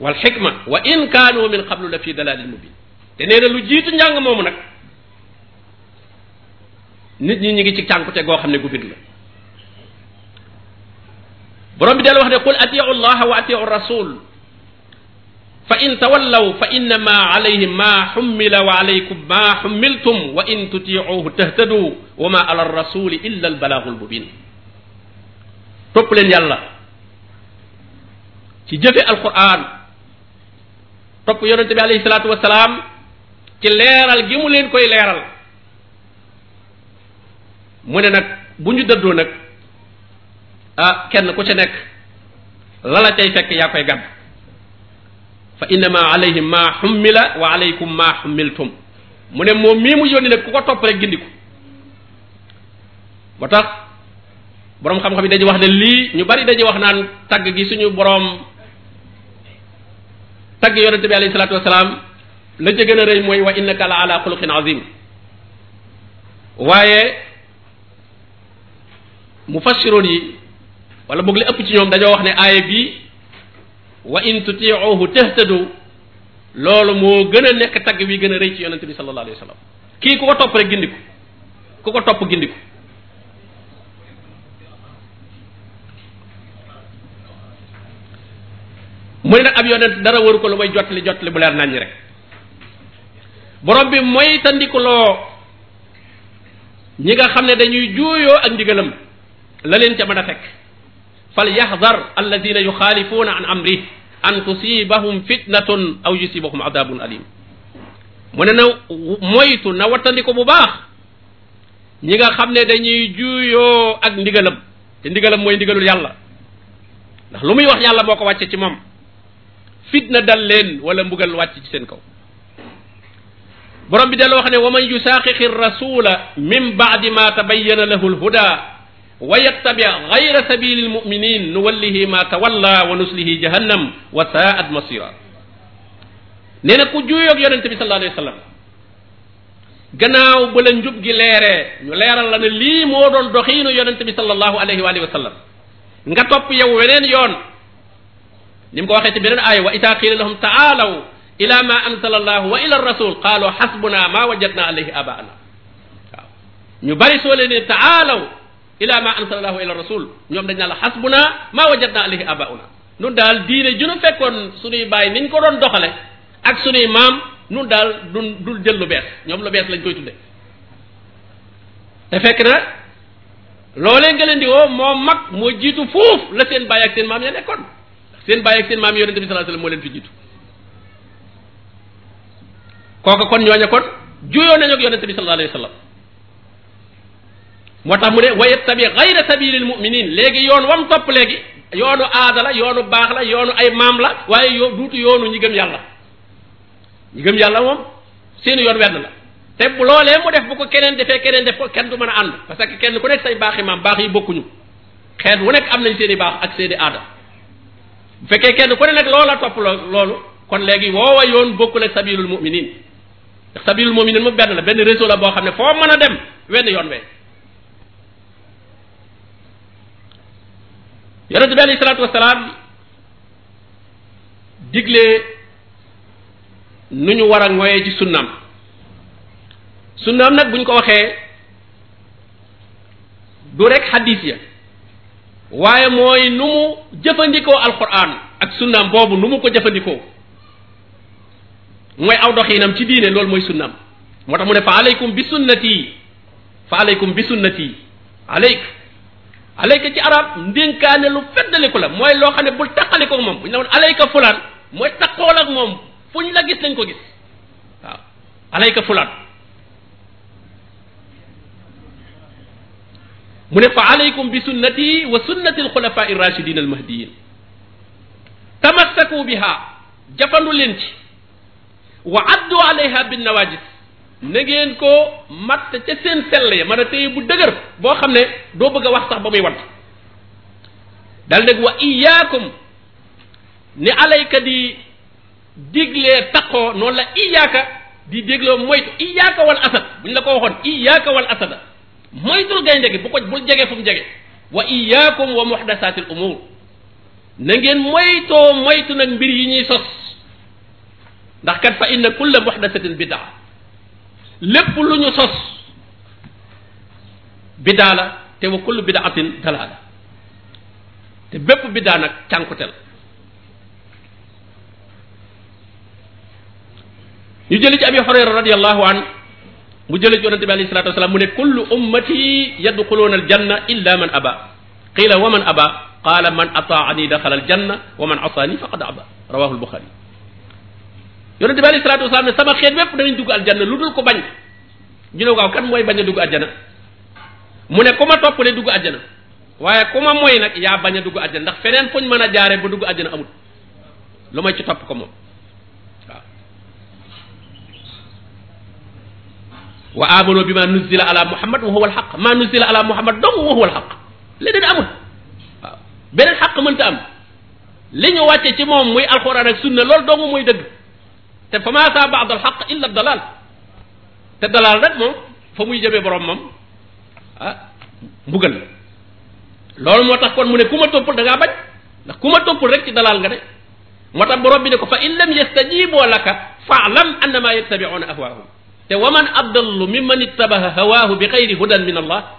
wal xikma wa in kaanu min qablu la fi dalalin mubin te nee lu jiitu njàng moomu nag nit ñi ñu ngi ci cànkute goo xam ne gubin la borom bi del wax ne qul atiu llaha wa atiu rasul fa in tawallaw fa innama alayhi ma xummila wa alaykum ma xummiltum wa in tutiicuhu tahtadu wa ma ala rasuli illa albalaaxul mubin topp leen yàlla ci jëfe alquran topp yonente bi alayhi salaatu wasalaam ci leeral gi mu leen koy leeral mu ne nag bu ñu dëddoo nag ah kenn ku ca nekk la la cay fekk yaa koy gàdd fa innama alayhim maa xummila wa alaykum maa xummiltum mu ne moom mii mu yónni nag ku ko topp rek gindiku ba tax boroom xam-xam yi dañuy wax ne lii ñu bari dañuy wax naan tagg gi suñu boroom tagg yonente bi alayhi gën a mooy wa innaka la ala xuluqin azim waaye mufassiroon yi walla boog li ëpp ci ñoom dañoo wax ne aaya bii wa in tutiuhu tahtadu loolu moo gën a nekk tagg wi gën a rëy ci yonente bi sallallahu alayhi wa kii ku ko topp rek gindiku ku ko topp gindiku mu ne nag ab yonent dara waru ko lu may jottali jottali bu leer nañ ñi rek borom bi mooy ñi nga xam ne dañuy juuyoo ak ndigalam la leen ca mën a fekk falyahdar alladina yuxaalifuuna an amri an tusibahum fitnatun aw yusibahum adabun alim mu ne na moytu na wattandiko bu baax ñi nga xam ne dañuy juuyoo ak ndigalam te ndigalam mooy ndigalul yàlla ndax lu muy wax yàlla moo ko wàcce ci moom fitna dal leen wala mbugal wàcc ci seen kaw borom bi delloo wax ne wa man yusaaqiqi rasula min baadi ma tabayyana lahu lhuda wa yattabi gayra sabili lmuminin nuwallihi ma tawalla wa nuslihi jahannam wa saat masira nee na ku juuyoog yonente bi sallallahu alayhi wa sallam gannaaw ba la njub gi leeree ñu leeral la ne lii moo doon doxiinu yonente bi sallallahu alayhi wa sallam nga topp yow weneen yoon ni mu ko waxee ci beneen aaya wa ida qiila lahum taalaw ila ma anzala allahu wa ila rasul qaalu xasbuna ma wajadna alayhi abaana waaw ñu bari soo leen ne taalaw ila ma ansalallahu ila rasul ñoom dañ naa la xasbuna maa wajadna alayhi abauna nun daal diine ju nu fekkoon suñuy bàyyi niñ ko doon doxale ak suñuy maam nun daal du dul jël lu bees ñoom lu bees lañ koy tudde te fekk na loo nga leen di woo moo mag moo jiitu fuuf la seen bàyyi ak seen maam ya nekkoon seen bàyyi ak seen maam yonente bi sallallahu alayhi moo leen fi jiitu kooka kon ñooña kon juyoo nañu ak yonente bi sallallahu alayhi moo tax mu ne wa yattabi gayra sabilil muminin léegi yoon wam topp léegi yoonu aada yoonu baax la yoonu ay maam la waaye yoo duutu yoonu ñu gëm yàlla ñi gëm yàlla moom seeni yoon wenn la te bu loolee mu def bu ko keneen defee keneen def ko kenn du mën a ànd parce que kenn ku nekk say baaxi maam baax yi bokkuñu xeet wu nekk am nañ seeni baax ak seeni aada bu fekkee kenn ku ne nag loola topp loolu kon léegi woowa yoon bokkul ak sabilul muminin ndax sabilul muminin mu benn la benn réseau la boo xam ne foo mën a dem wenn yoon wee yonente bi alayhi salaatu wasalaam digle nu ñu war a ngoyee ci sunnaam sunnaam nag bu ñu ko waxee du rek xadiis ya waaye mooy nu mu jëfandikoo alquran ak sunnaam boobu nu mu ko jëfandikoo mooy aw doxiinam ci diine loolu mooy sunnaam moo tax mu ne fa aleykum bi sunnati fa aleykum bi sunnati aleyk alayka ci arab ndénkaane lu feddaliku la mooy loo xam ne bul taqaliko ak moom bu ñu la woon alayka fulaan mooy taqool ak moom fu ñu la gis lañ ko gis waaw alayka fulaan mu ne fa alaykum bi sunnati wa sunnati alxulafa irrachidin biha jafandu leen wa addu alayha bin na ngeen ko matt ca seen sell ya mën a téye bu dëgër boo xam ne doo bëgg a wax sax ba muy wadd dal nag wa iyaakum ni alayka di diglee taqoo noonu la iyaaka di dégloo moytu iyaaka wal asad buñ la ko waxoon iyaaka wal asada moytul gaynde gi bu ko bul jege fu mu jege wa iyaakum wa muhdasaatil umuur na ngeen moytoo moytu nag mbir yi ñuy sos ndax kat fa inna kulla muhdasatin bidaa lépp lu ñu sos biddaa la te wa kullu bidaatin dalaala te bépp biddaa nag cànkute la ñu jëli ci abi hurayra radiallahu an mu jëli ci yonente bi alayhi salatu wasalaam mu ne kullu ummati yadxuluuna aljanna illa man aba qiila wa man aba qaala man ataani daxala aljanna wa man asaani faqad aba rawahu albuxaari yonente bi alayhi salaatu wasalaam ne sama xeet wépp danañ dugg aljanna lu dul ko bañ ñu ne kan mooy bañ a dugg aljanna mu ne ku ma topp ne dugg aljanna waaye ku ma mooy nag yaa bañ a dugg aljanna ndax feneen fuñ mën a jaaree ba dugg aljanna amut lu may ci topp ko moom waaw wa amano bi ma nuzila ala muhammad wa huwa alxaq ma nuzila ala muhammad dong wa huwa alxaq leneen amul waaw beneen xaq mënta am li ñu wàcce ci moom muy alxuraan ak sunna loolu dëgg te fa ma saa baad al xaq illa dalal te dalal rek moom fa muy jëmee borom moom ah mbugal la loolu moo tax kon mu ne ku ma toppul da ngaa bañ ndax ku ma toppul rek ci dalal nga de moo tax borom bi ne ko fa in lam yastajiiboo laka faalam annama yattabiuuna ahwaahum te wa man adallu mimman ittabaha hawaahu bi xayri hudan min allah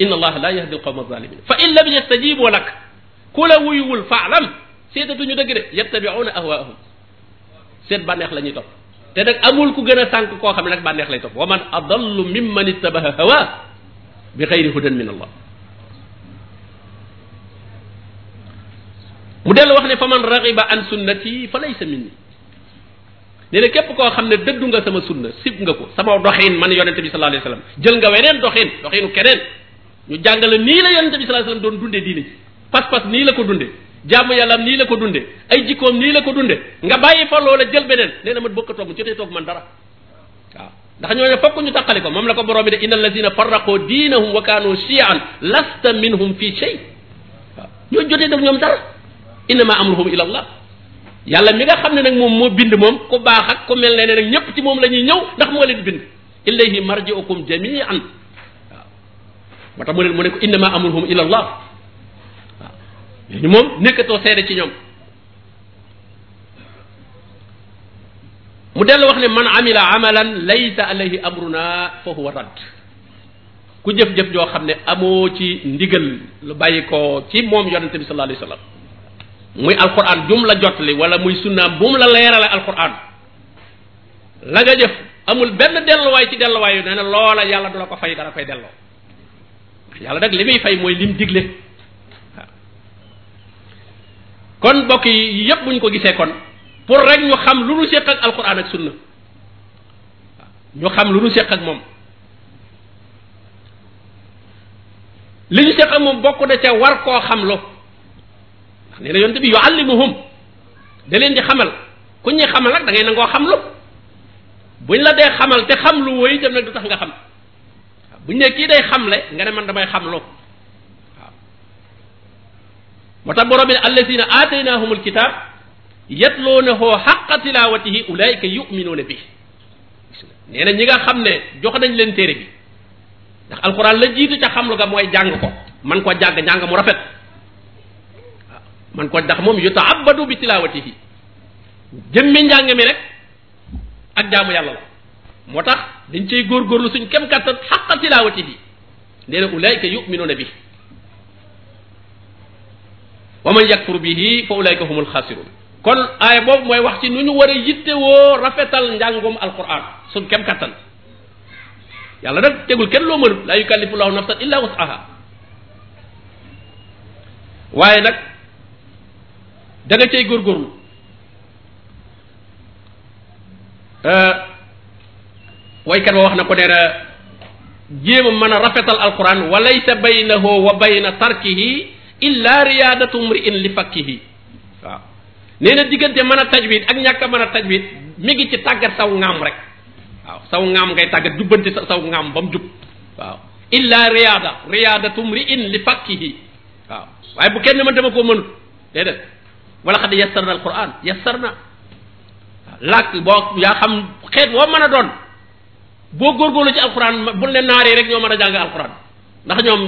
inna allah la yahdi alqawma alzalimin fa in lam yastajiiboo laka ku la wuyuwul faalam seetatuñu dëgg de yattabiuuna ahwaahum seen bànneex la ñuy topp te nag amul ku gën a sànq koo xam ne nag bànneex lay topp wa man adallu mimman ittabaha hawa bi xayri hudan min allah mu dellu wax ne fa man raxiba an sunnati fa laysa minni nee na képp koo xam ne dëddu nga sama sunna sib nga ko sama doxin man yonente bi sallallahu alayhi wasallam jël nga weneen doxin doxinu keneen ñu jàngale nii la yonente bi sallallahu alayhi doon dundee diine ji pas-pas nii la ko dundee jàmm yàllaam nii la ko dunde ay jikkoom nii la ko dunde nga bàyyi fa loola jël beneen nee na man bokkatoo mu toog man dara waaw ndax ñooñu fokk ñu taqali ko moom la ko borom bi de inna allazina farraqoo diinahum wa kaanu shiyan lasta minhum fii shay waaw ñoo jotee daf ñoom dara innama amruhum ila allah yàlla mi nga xam ne nag moom moo bind moom ko baax ak ku mel ne ne nag ñépp ci moom la ñuy ñëw ndax moo leen bind ilayhi marji'ukum jami'an waaw moo tax mu ne mu ne ko innama amruhum ila allah ñooñu moom nekkatoo seede ci ñoom mu dellu wax ne man amila amalan laysa alayhi amruna fa huwa radd ku jëf-jëf joo xam ne amoo ci ndigal lu bàyyi ko ci moom yonente bi sallallahu alayhi wasallam muy alquran la jotli wala muy sunnaam bu mu la leerale alquran la nga jëf amul benn delluwaay ci delluwaay yu nee na loola yàlla du la ko fay dara koy delloo yàlla nag li muy fay mooy lim digle kon bokk yi yépp bu ñu ko gisee kon pour rek ñu xam lu nu séq ak alquran ak sunna ñu xam lu nu séq ak moom li ñu séq ak moom bokk na ca war koo xam lo ne nee na yonte bi yuallimuhum da leen di xamal ku ñuy xamal nag da ngay nangoo xam lu buñ la dee xamal te xam lu woy dem nag du tax nga xam buñ ne kii day xamle nga ne man damay xam lo moo tax borom bi ne allazina aataynahum alkitab yatloonahu xaqa tilawatihi ulaayika yuminuuna bi nee na ñi nga xam ne jox nañ leen téere bi ndax alquran la jiitu ca xam ga mooy jàng ko man ko jàng njàng mu rafet waaw man ko ndax moom yutaabadu bi tilawatihi jëmmi njàng mi rek ak jaamu yàlla la moo tax dañ góor góorgóorlu suñ kem kàttan xaqa tilawatihi nee na ulaayika yuminuuna bi wa man yakfur bihi fa ulaika humul xaasirun kon aaya boobu mooy wax ci nu ñu war a rafetal njàngum alquran suñ kattan yàlla nag tegul kenn loo mënul laa yukallifu llahu nafsan illa wusaha waaye nag da nga cay góorgóorlu euh, waykat ba wax na ko nee na jéem a mën a rafetal alquran wa laysa baynahu wa bayna tarkihi illa riyaadatu mri'in li fakkihi waaw nee diggante mën a tajwid ak ñàkk a mën a tajwid mi ngi ci tàggat saw ŋaam rek waaw saw ŋaam ngay tàggat jubbanti saw ŋaam ba mu jub waaw illa riyaada riyaadatu mri'in li fakkihi waaw waaye bu kenn mën dama ko mënut déedéet wala xad yassarna alquran yassarna làkk boo yaa xam xeet woo mën a doon boo góor góorgóorlu ci alquran bu ne naar yi rek ñoo mën a jàng alquran ndax ñoom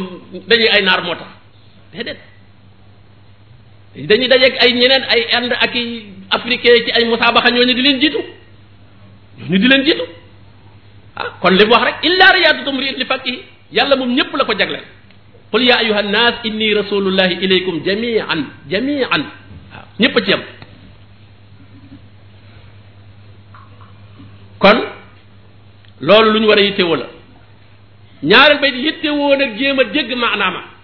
dañuy ay naar moo tax de dañuy dajeeg ay ñeneen ay Inde ak i africain ci ay musaabaxa ñooñu di leen jitu ñooñu di leen jiitu ah kon li mu wax rek illa riyaadatu mri'in li faqihi yàlla moom ñépp la ko jag jagleel qul ya ayyuha nnaas inni rasulullahi ilaykum jamian jamian waaw ñépp a ci yam kon loolu lu ñu war a yittewoo la ñaareel bay yittewoo nag jéem a dégg maanaama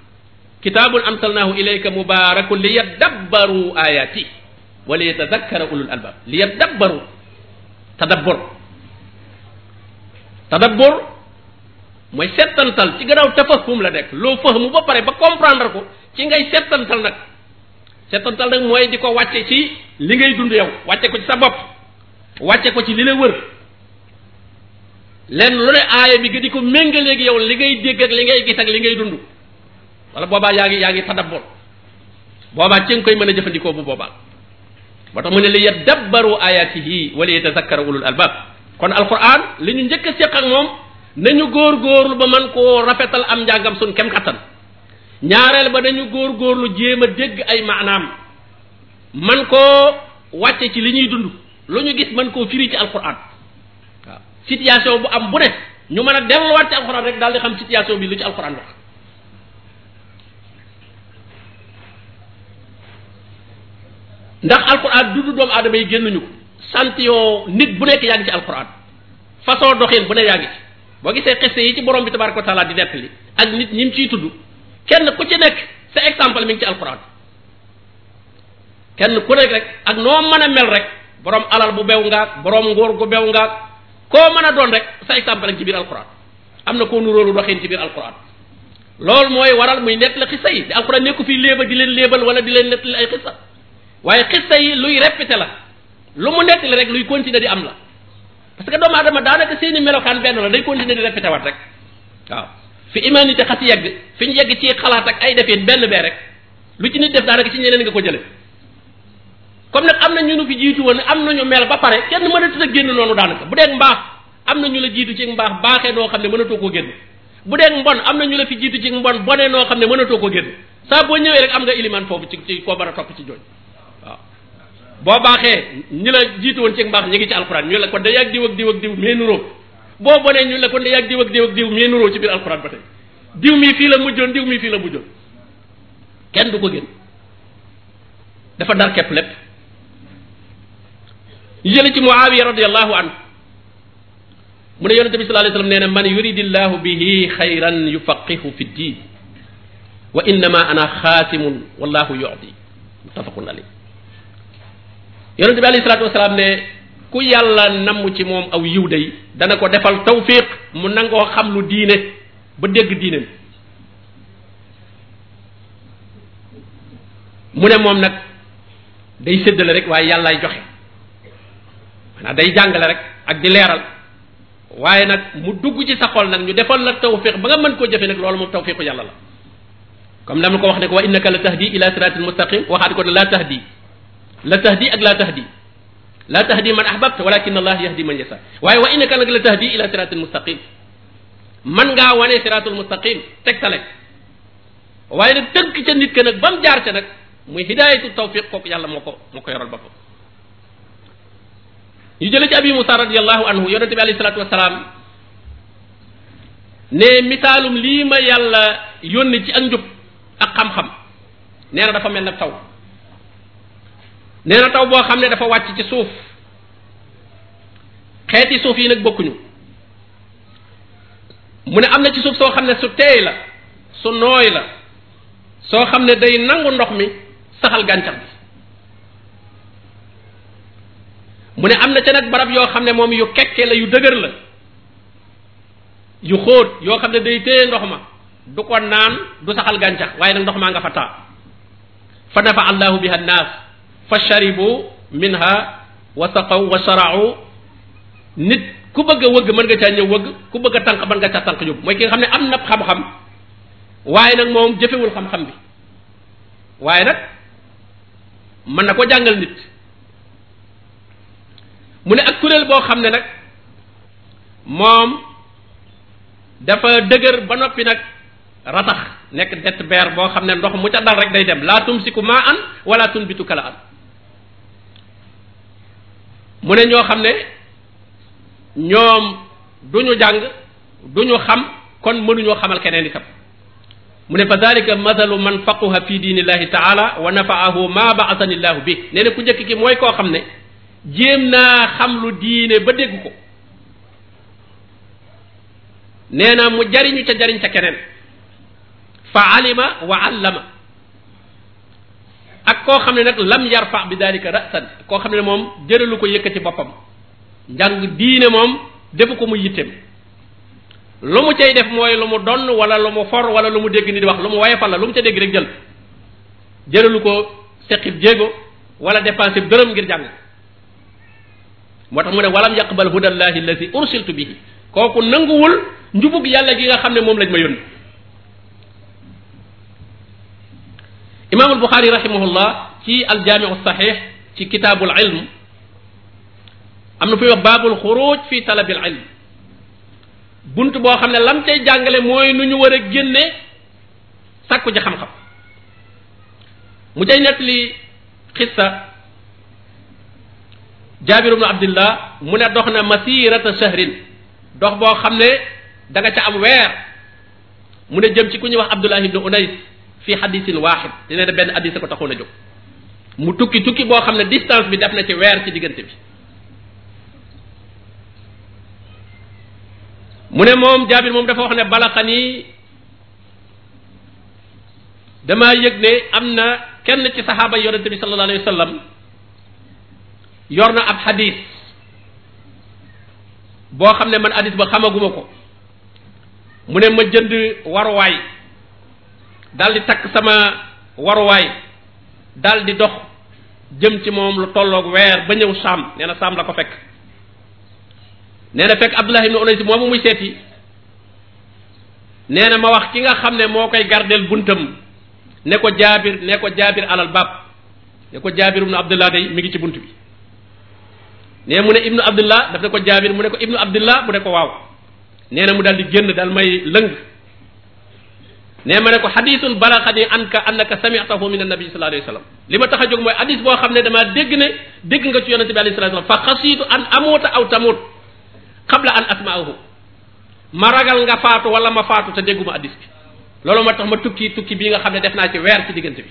kitaabun anzalnaahu ilayka mubaarakun li yaddabbaru ayaati wa li yatadakkara ulul albaab li yaddabbaru tadabbur tadabbur mooy settantal ci gannaaw tafahum la nekk loo fahmu ba pare ba comprendre ko ci ngay settantal nag settantal nag mooy di ko wàcce ci li ngay dund yow wàcce ko ci sa bopp wàcce ko ci li la wër lenn lu ne aaya bi nga di ko léegi yow li ngay dégg ak li ngay gis ak li ngay dund wala boobaa yaa ngi yaa ngi tadabbur boobaa ci nga koy mën a jëfandikoo bu boobaa moo tax mu ne li yadabbaru ayatihi wala yatazakkara ulul albab kon alquran li ñu njëkk a séq ak moom nañu góorgóorlu ba man koo rafetal am njàngam suñ kem kattan ñaareel ba góor góorgóorlu jéem a dégg ay maanaam man koo wàcce ci li ñuy dund lu ñu gis man koo firi ci alquran waaw situation bu am bu ne ñu mën a delluwaat ci alquran rek daal di xam situation bi lu ci alquran wax ndax alquran dundu doomu aadama yi génnuñu ko santiyoo nit bu nekk yaa ngi ci alquran façon doxin bu ne yàgg ngi ci boo gisee xiste yi ci borom bi tabaraka wa taala di nettali ak nit ñi mu ciy tudd kenn ku ci nekk sa exemple mi ngi ci alquran kenn ku nekk rek ak noo mën a mel rek borom alal bu bew ngaak borom nguur gu bew ngaak koo mën a doon rek sa exemple rek ci biir alquran am na koo nuróolu doxin ci biir alquran loolu mooy waral muy nettali xista yi di alquran nekku fii léeba di leen léebal wala di leen nettali ay xista waaye xista yi luy répété la lu mu nettali rek luy continuer di am la parce que doomu aadama daanaka seeni melokaan benn la day continuer di répété waat rek waaw fi humanité xas yegg fi ñu yegg ci xalaat ak ay defin benn bee rek lu ci nit def daanaka ci ñeneen nga ko jële comme nag am na ñu nu fi jiitu woon am na ñu mel ba pare kenn mënatu la génn noonu daanaka bu dee mbaax am na ñu la jiitu ci mbaax baaxe noo xam ne mënatoo koo génn bu dee mbon am na ñu la fi jiitu ci mbon bonee noo xam ne mënatoo koo génn saa boo ñëwee rek am nga iliman foofu ci ci koo mën a topp boo baaxee ñi la jiitu woon ci mbaax ñu ngi ci alxuraan ñu la kon da yàgg diw ak diw ak diw mee nuróo boo bonee ñu la kon da yàgg diw ak diw ak diw mee nuróo ci biir alxuraan ba tey diw mii fii la mujjoon diw mii fii la mujjoon kenn du ko gën dafa dar képp lépp ñu jële ci muawiya radiallahu anhu mu ne yonente bi sallallahu alayhi wasallam nee na man yuridillahu bihi xayran yufaqihu fi ddin wa innama ana xaatimun wallahu yu'ti muttafaqun alayh yonente bi alayhi salaatu wasalaam ne ku yàlla namm ci moom aw yiw day dana ko defal tawfiq mu nangoo xam lu diine ba dégg diine mi mu ne moom nag day séddale rek waaye yàllaay joxe maanaam day jàngale rek ak di leeral waaye nag mu dugg ci sa xol nag ñu defal la tawfiq ba nga mën koo jëfe nag loolu moom tawfiqu yàlla la comme dama ko wax ne ko wa innaka la tahdi ila siratin mustaqim waxaat ko ne la tahdi la tahdi ak la tahdi la tahdi man ahbabta walakin allah yahdi man yasa waaye wa innaka nag la tahdi ila siratil mustaqim man ngaa wane siratul mustaqim tegtale waaye nag tënk ca nit ke nag ba mu jaar ca nag muy hidayatu tawfiq kooku yàlla moo ko moo ko yoral boppam ñu jële ci abi musa radiallahu anhu yonente bi alayhi salatu wasalaam ne misaalum lii ma yàlla yónni ci ak njub ak xam-xam nee na dafa mel na taw nee na taw boo xam ne dafa wàcc ci suuf xeeti suuf yi nag bokkuñu mu ne am na ci suuf soo xam ne su teey la su nooy la soo xam ne day nangu ndox mi saxal gàncax bi mu ne am na ca nag barab yoo xam ne moom yu kekke la yu dëgër la yu xóot yoo xam ne day téye ndox ma du ko naan du saxal gàncax waaye nag ndox maa nga fa taa fa nafa bi biha naas fa sharibu minha wa taqaw wa shara'u nit ku bëgg wëgg mën nga caa ñëw wëgg ku bëgg a tànq mën nga caa tànq yóbbu mooy ki nga xam ne am na xam-xam waaye nag moom jëfewul xam bi waaye nag mën na ko jàngal nit mu ne ak kuréel boo xam ne nag moom dafa dëgër ba noppi nag ratax nekk det beer boo xam ne ndox mu ca dal rek day dem laa tumsiku maa an wala tunbitu kala mu ne ñoo xam ne ñoom duñu jàng duñu xam kon mënuñoo xamal keneen itam mu ne fa dalika mathalu man faquha fi dinillahi taala wa nafaahu ma baasani llahu bi nee na ku njëkk ki mooy koo xam ne jéem naa xam lu diine ba dégg ko nee na mu jariñu ca jariñ ca keneen fa alima wa allama ak koo xam ne nag lam yarfa bi daalika rasan koo xam ne moom jëralu ko yëkkati boppam njàng diine moom defu ko mu yittem lu mu cay def mooy lu mu donn wala lu mu for wala lu mu dégg ni di wax lu mu waye fal lu mu ca dégg rek jël jëralu ko seqib jéego wala dépensé dërëm ngir jàng moo tax mu ne walam yaqbal hudallahi allazi ursiltu bihi kooku nanguwul njubug yàlla gi nga xam ne moom lañ ma yónni imaamul buxaari rahimahullah ci aljaamiu saxiix ci kitaabul ilm am na fu ñuy wax baabul xuruj fi talabil ilm bunt boo xam ne lam cay jàngale mooy nu ñu war a génne sàkku ji xam-xam mu cay li xissa jaabir ibnu abdillah mu ne dox na masirata shahrin dox boo xam ne da ca am weer mu ne jëm ci ku ñuy wax abdullah ibnu unays fii xadisin waaxid di ne benn xadis ko taxoon a jóg mu tukki tukki boo xam ne distance bi def na ci weer ci diggante bi mu ne moom jaabir moom dafa wax ne balaxani damaa yëg ne am na kenn ci saxaaba yonente bi sallallahu alayhi wa yor na ab xadis boo xam ne man xadis ba xamaguma ko mu ne ma jënd waruwaay daal di takk sama waruwaay daal di dox jëm ci moom lu tolloog weer ba ñëw saam nee na saam la ko fekk nee na fekk Abdullah ibn Unays moomu muy seeti nee na ma wax ki nga xam ne moo koy gardeel buntam ne ko jaabir ne ko jaabir alal baab ne ko jaabir ibnu abdullah day mi ngi ci bunt bi nee mu ne ibnu abdullah daf ne ko jaabir mu ne ko ibnu abdullah mu ne ko waaw nee na mu daal di génn daal may lëng nee ma ne ko xadisun balaxani anka annaka samitahu min annabi sallallahu alayhi wa sallam li ma tax a jóg mooy hadis boo xam ne damaa dégg ne dégg nga ci yonente bi alayhi salatu fa xasiitu an amuuta aw tamuut qabla an asmaahu ma ragal nga faatu wala ma faatu te dégguma hadis bi loolu ma tax ma tukki tukki bii nga xam ne def naa ci weer ci diggante bi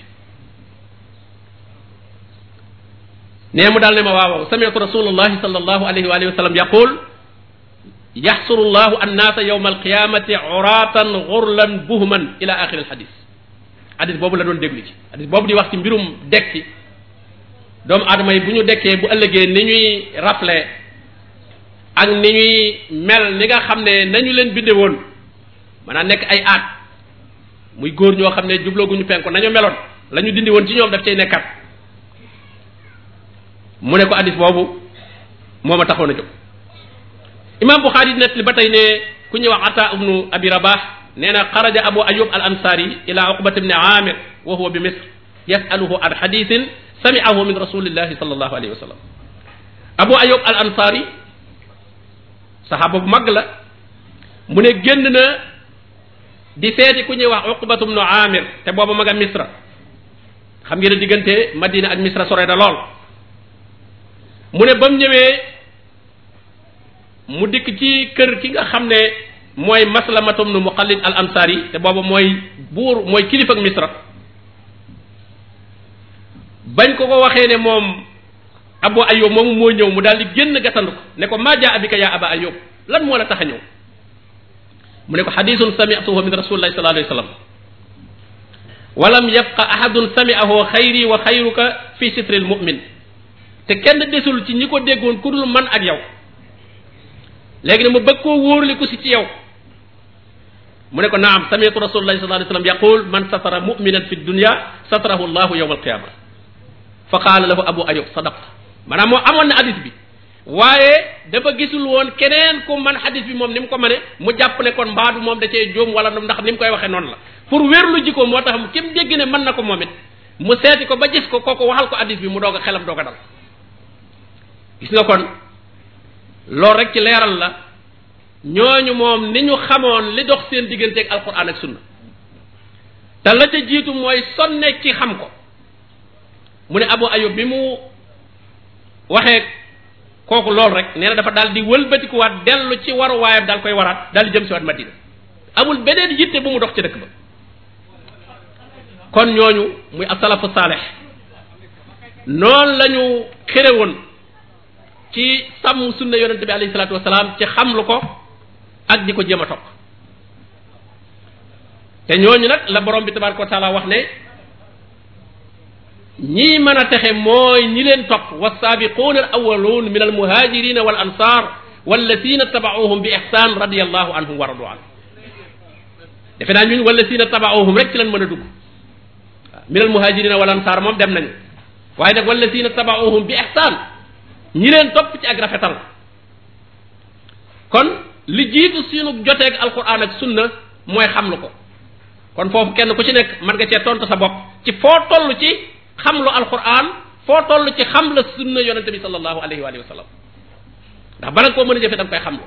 nee mu daal ne ma waaw waaw samitu rasulullahi sallallahu alayhi wa alihi wa sallam yaqul yaxsuru llahu annaasa yowma alqiyamati uratan xurlan buhman ila axiri alxadis hadis boobu la doon déglu ci hadis boobu di wax ci mbirum dekki doomu aadama yi bu ñu dekkee bu ëllëgee ni ñuy rafle ak ni ñuy mel ni nga xam ne nañu leen binde woon maanaam nekk ay aat muy góor ñoo xam ne ñu penku nañu meloon la ñu dindi woon ci ñoom daf cay nekkat mu ne ko hadis boobu moo ma taxoon a jóg imam Buxaari nettali ba tey ne ku ñuy wax Ata ibnu Abi Rabah nee na xaraja Abu Ayyub al Ansari ila Uqbat ibn Amir wa huwa bi Misr yasaluhu an hadithin sami'ahu min rasulillahi sallallahu alayhi wa sallam Abu Ayyub al Ansari saxaaba bu mag la mu ne génn na di seeti ku ñuy wax Uqbat ibn Amir te booba ma nga Misra xam ngeen ne diggante Madina ak Misra sore na lool mu ne ba mu ñëwee. mu dikk ci kër ki nga xam ne mooy maslamatum nu muqallid al ansar yi te booba mooy buur mooy kilifa ak misra bañ ko ko waxee ne moom abu ayub moom moo ñëw mu daal di génn gasandu ne ko maa jaa abika yaa aba ayub lan moo la tax a ñëw mu ne ko xadisun sami'tuhu min rasulillahi sallallahu alayhi wa sallam walam yabqa ahadun sami'ahu xayri wa xayruka fi sitril mu'min te kenn desul ci ñi ko déggoon ku dul man ak yow léegi ne mu bëgg koo wóorliku si ci yow mu ne ko naam samitu rasulullahi sallallahu alayhi wasallam yaqul man satara muminan fi dunya satarahu llahu yawma alqiyama fa qaala lahu abu ayub sadaqta maanaam moo amoon na hadis bi waaye dafa gisul woon keneen ku man hadis bi moom ni mu ko mëne mu jàpp ne kon mbaadu moom da cee jóom wala ndax ni mu koy waxee noonu la pour wérlu jikko moo tax képp dégg ne mën na ko moom it mu seeti ko ba gis ko kooku waxal ko hadis bi mu doog a xelam doog a dal gis nga kon loolu rek ci leeral la ñooñu moom ni ñu xamoon li dox seen diggante ak alquran ak sunna te la ca jiitu mooy sonne ci xam ko mu ne abu ayub bi mu waxee kooku loolu rek nee na dafa daal di wëlbatikuwaat dellu ci waruwaayam daal koy waraat daal di jëm si waat madina amul beneen yitte bu mu dox ci dëkk ba kon ñooñu muy asalafu saaleh noonu la ñu xëre woon ci sàmm sunna yonente bi alayhi salaatu wasalaam ci xamlu ko ak di ko jéem te ñooñu nag la borom bi tabaraka wa taala wax ne ñii mën a texe mooy ñi leen topp wassaabiquuna al awaluun min al muhaajirina wal ansaar walladina tabaauhum bi ixsaan radiallahu anhum wa radu an defe naa ñun walladina tabaauhum rek ci lañ mën a dugg min al muhaajirina wal ansaar moom dem nañu waaye nag walladina tabaauhum bi ixsaan ñi leen topp ci ak rafetal kon li jiitu sunu joteeg alquran ak sunna mooy xam lu ko kon foofu kenn ku ci nekk mën nga cee tontu sa bopp ci foo toll ci xam lu alquran foo toll ci xam la sunna yonente bi sallallahu alayhi wa sallam ndax bala nga koo mën a jëfe da nga koy xam lu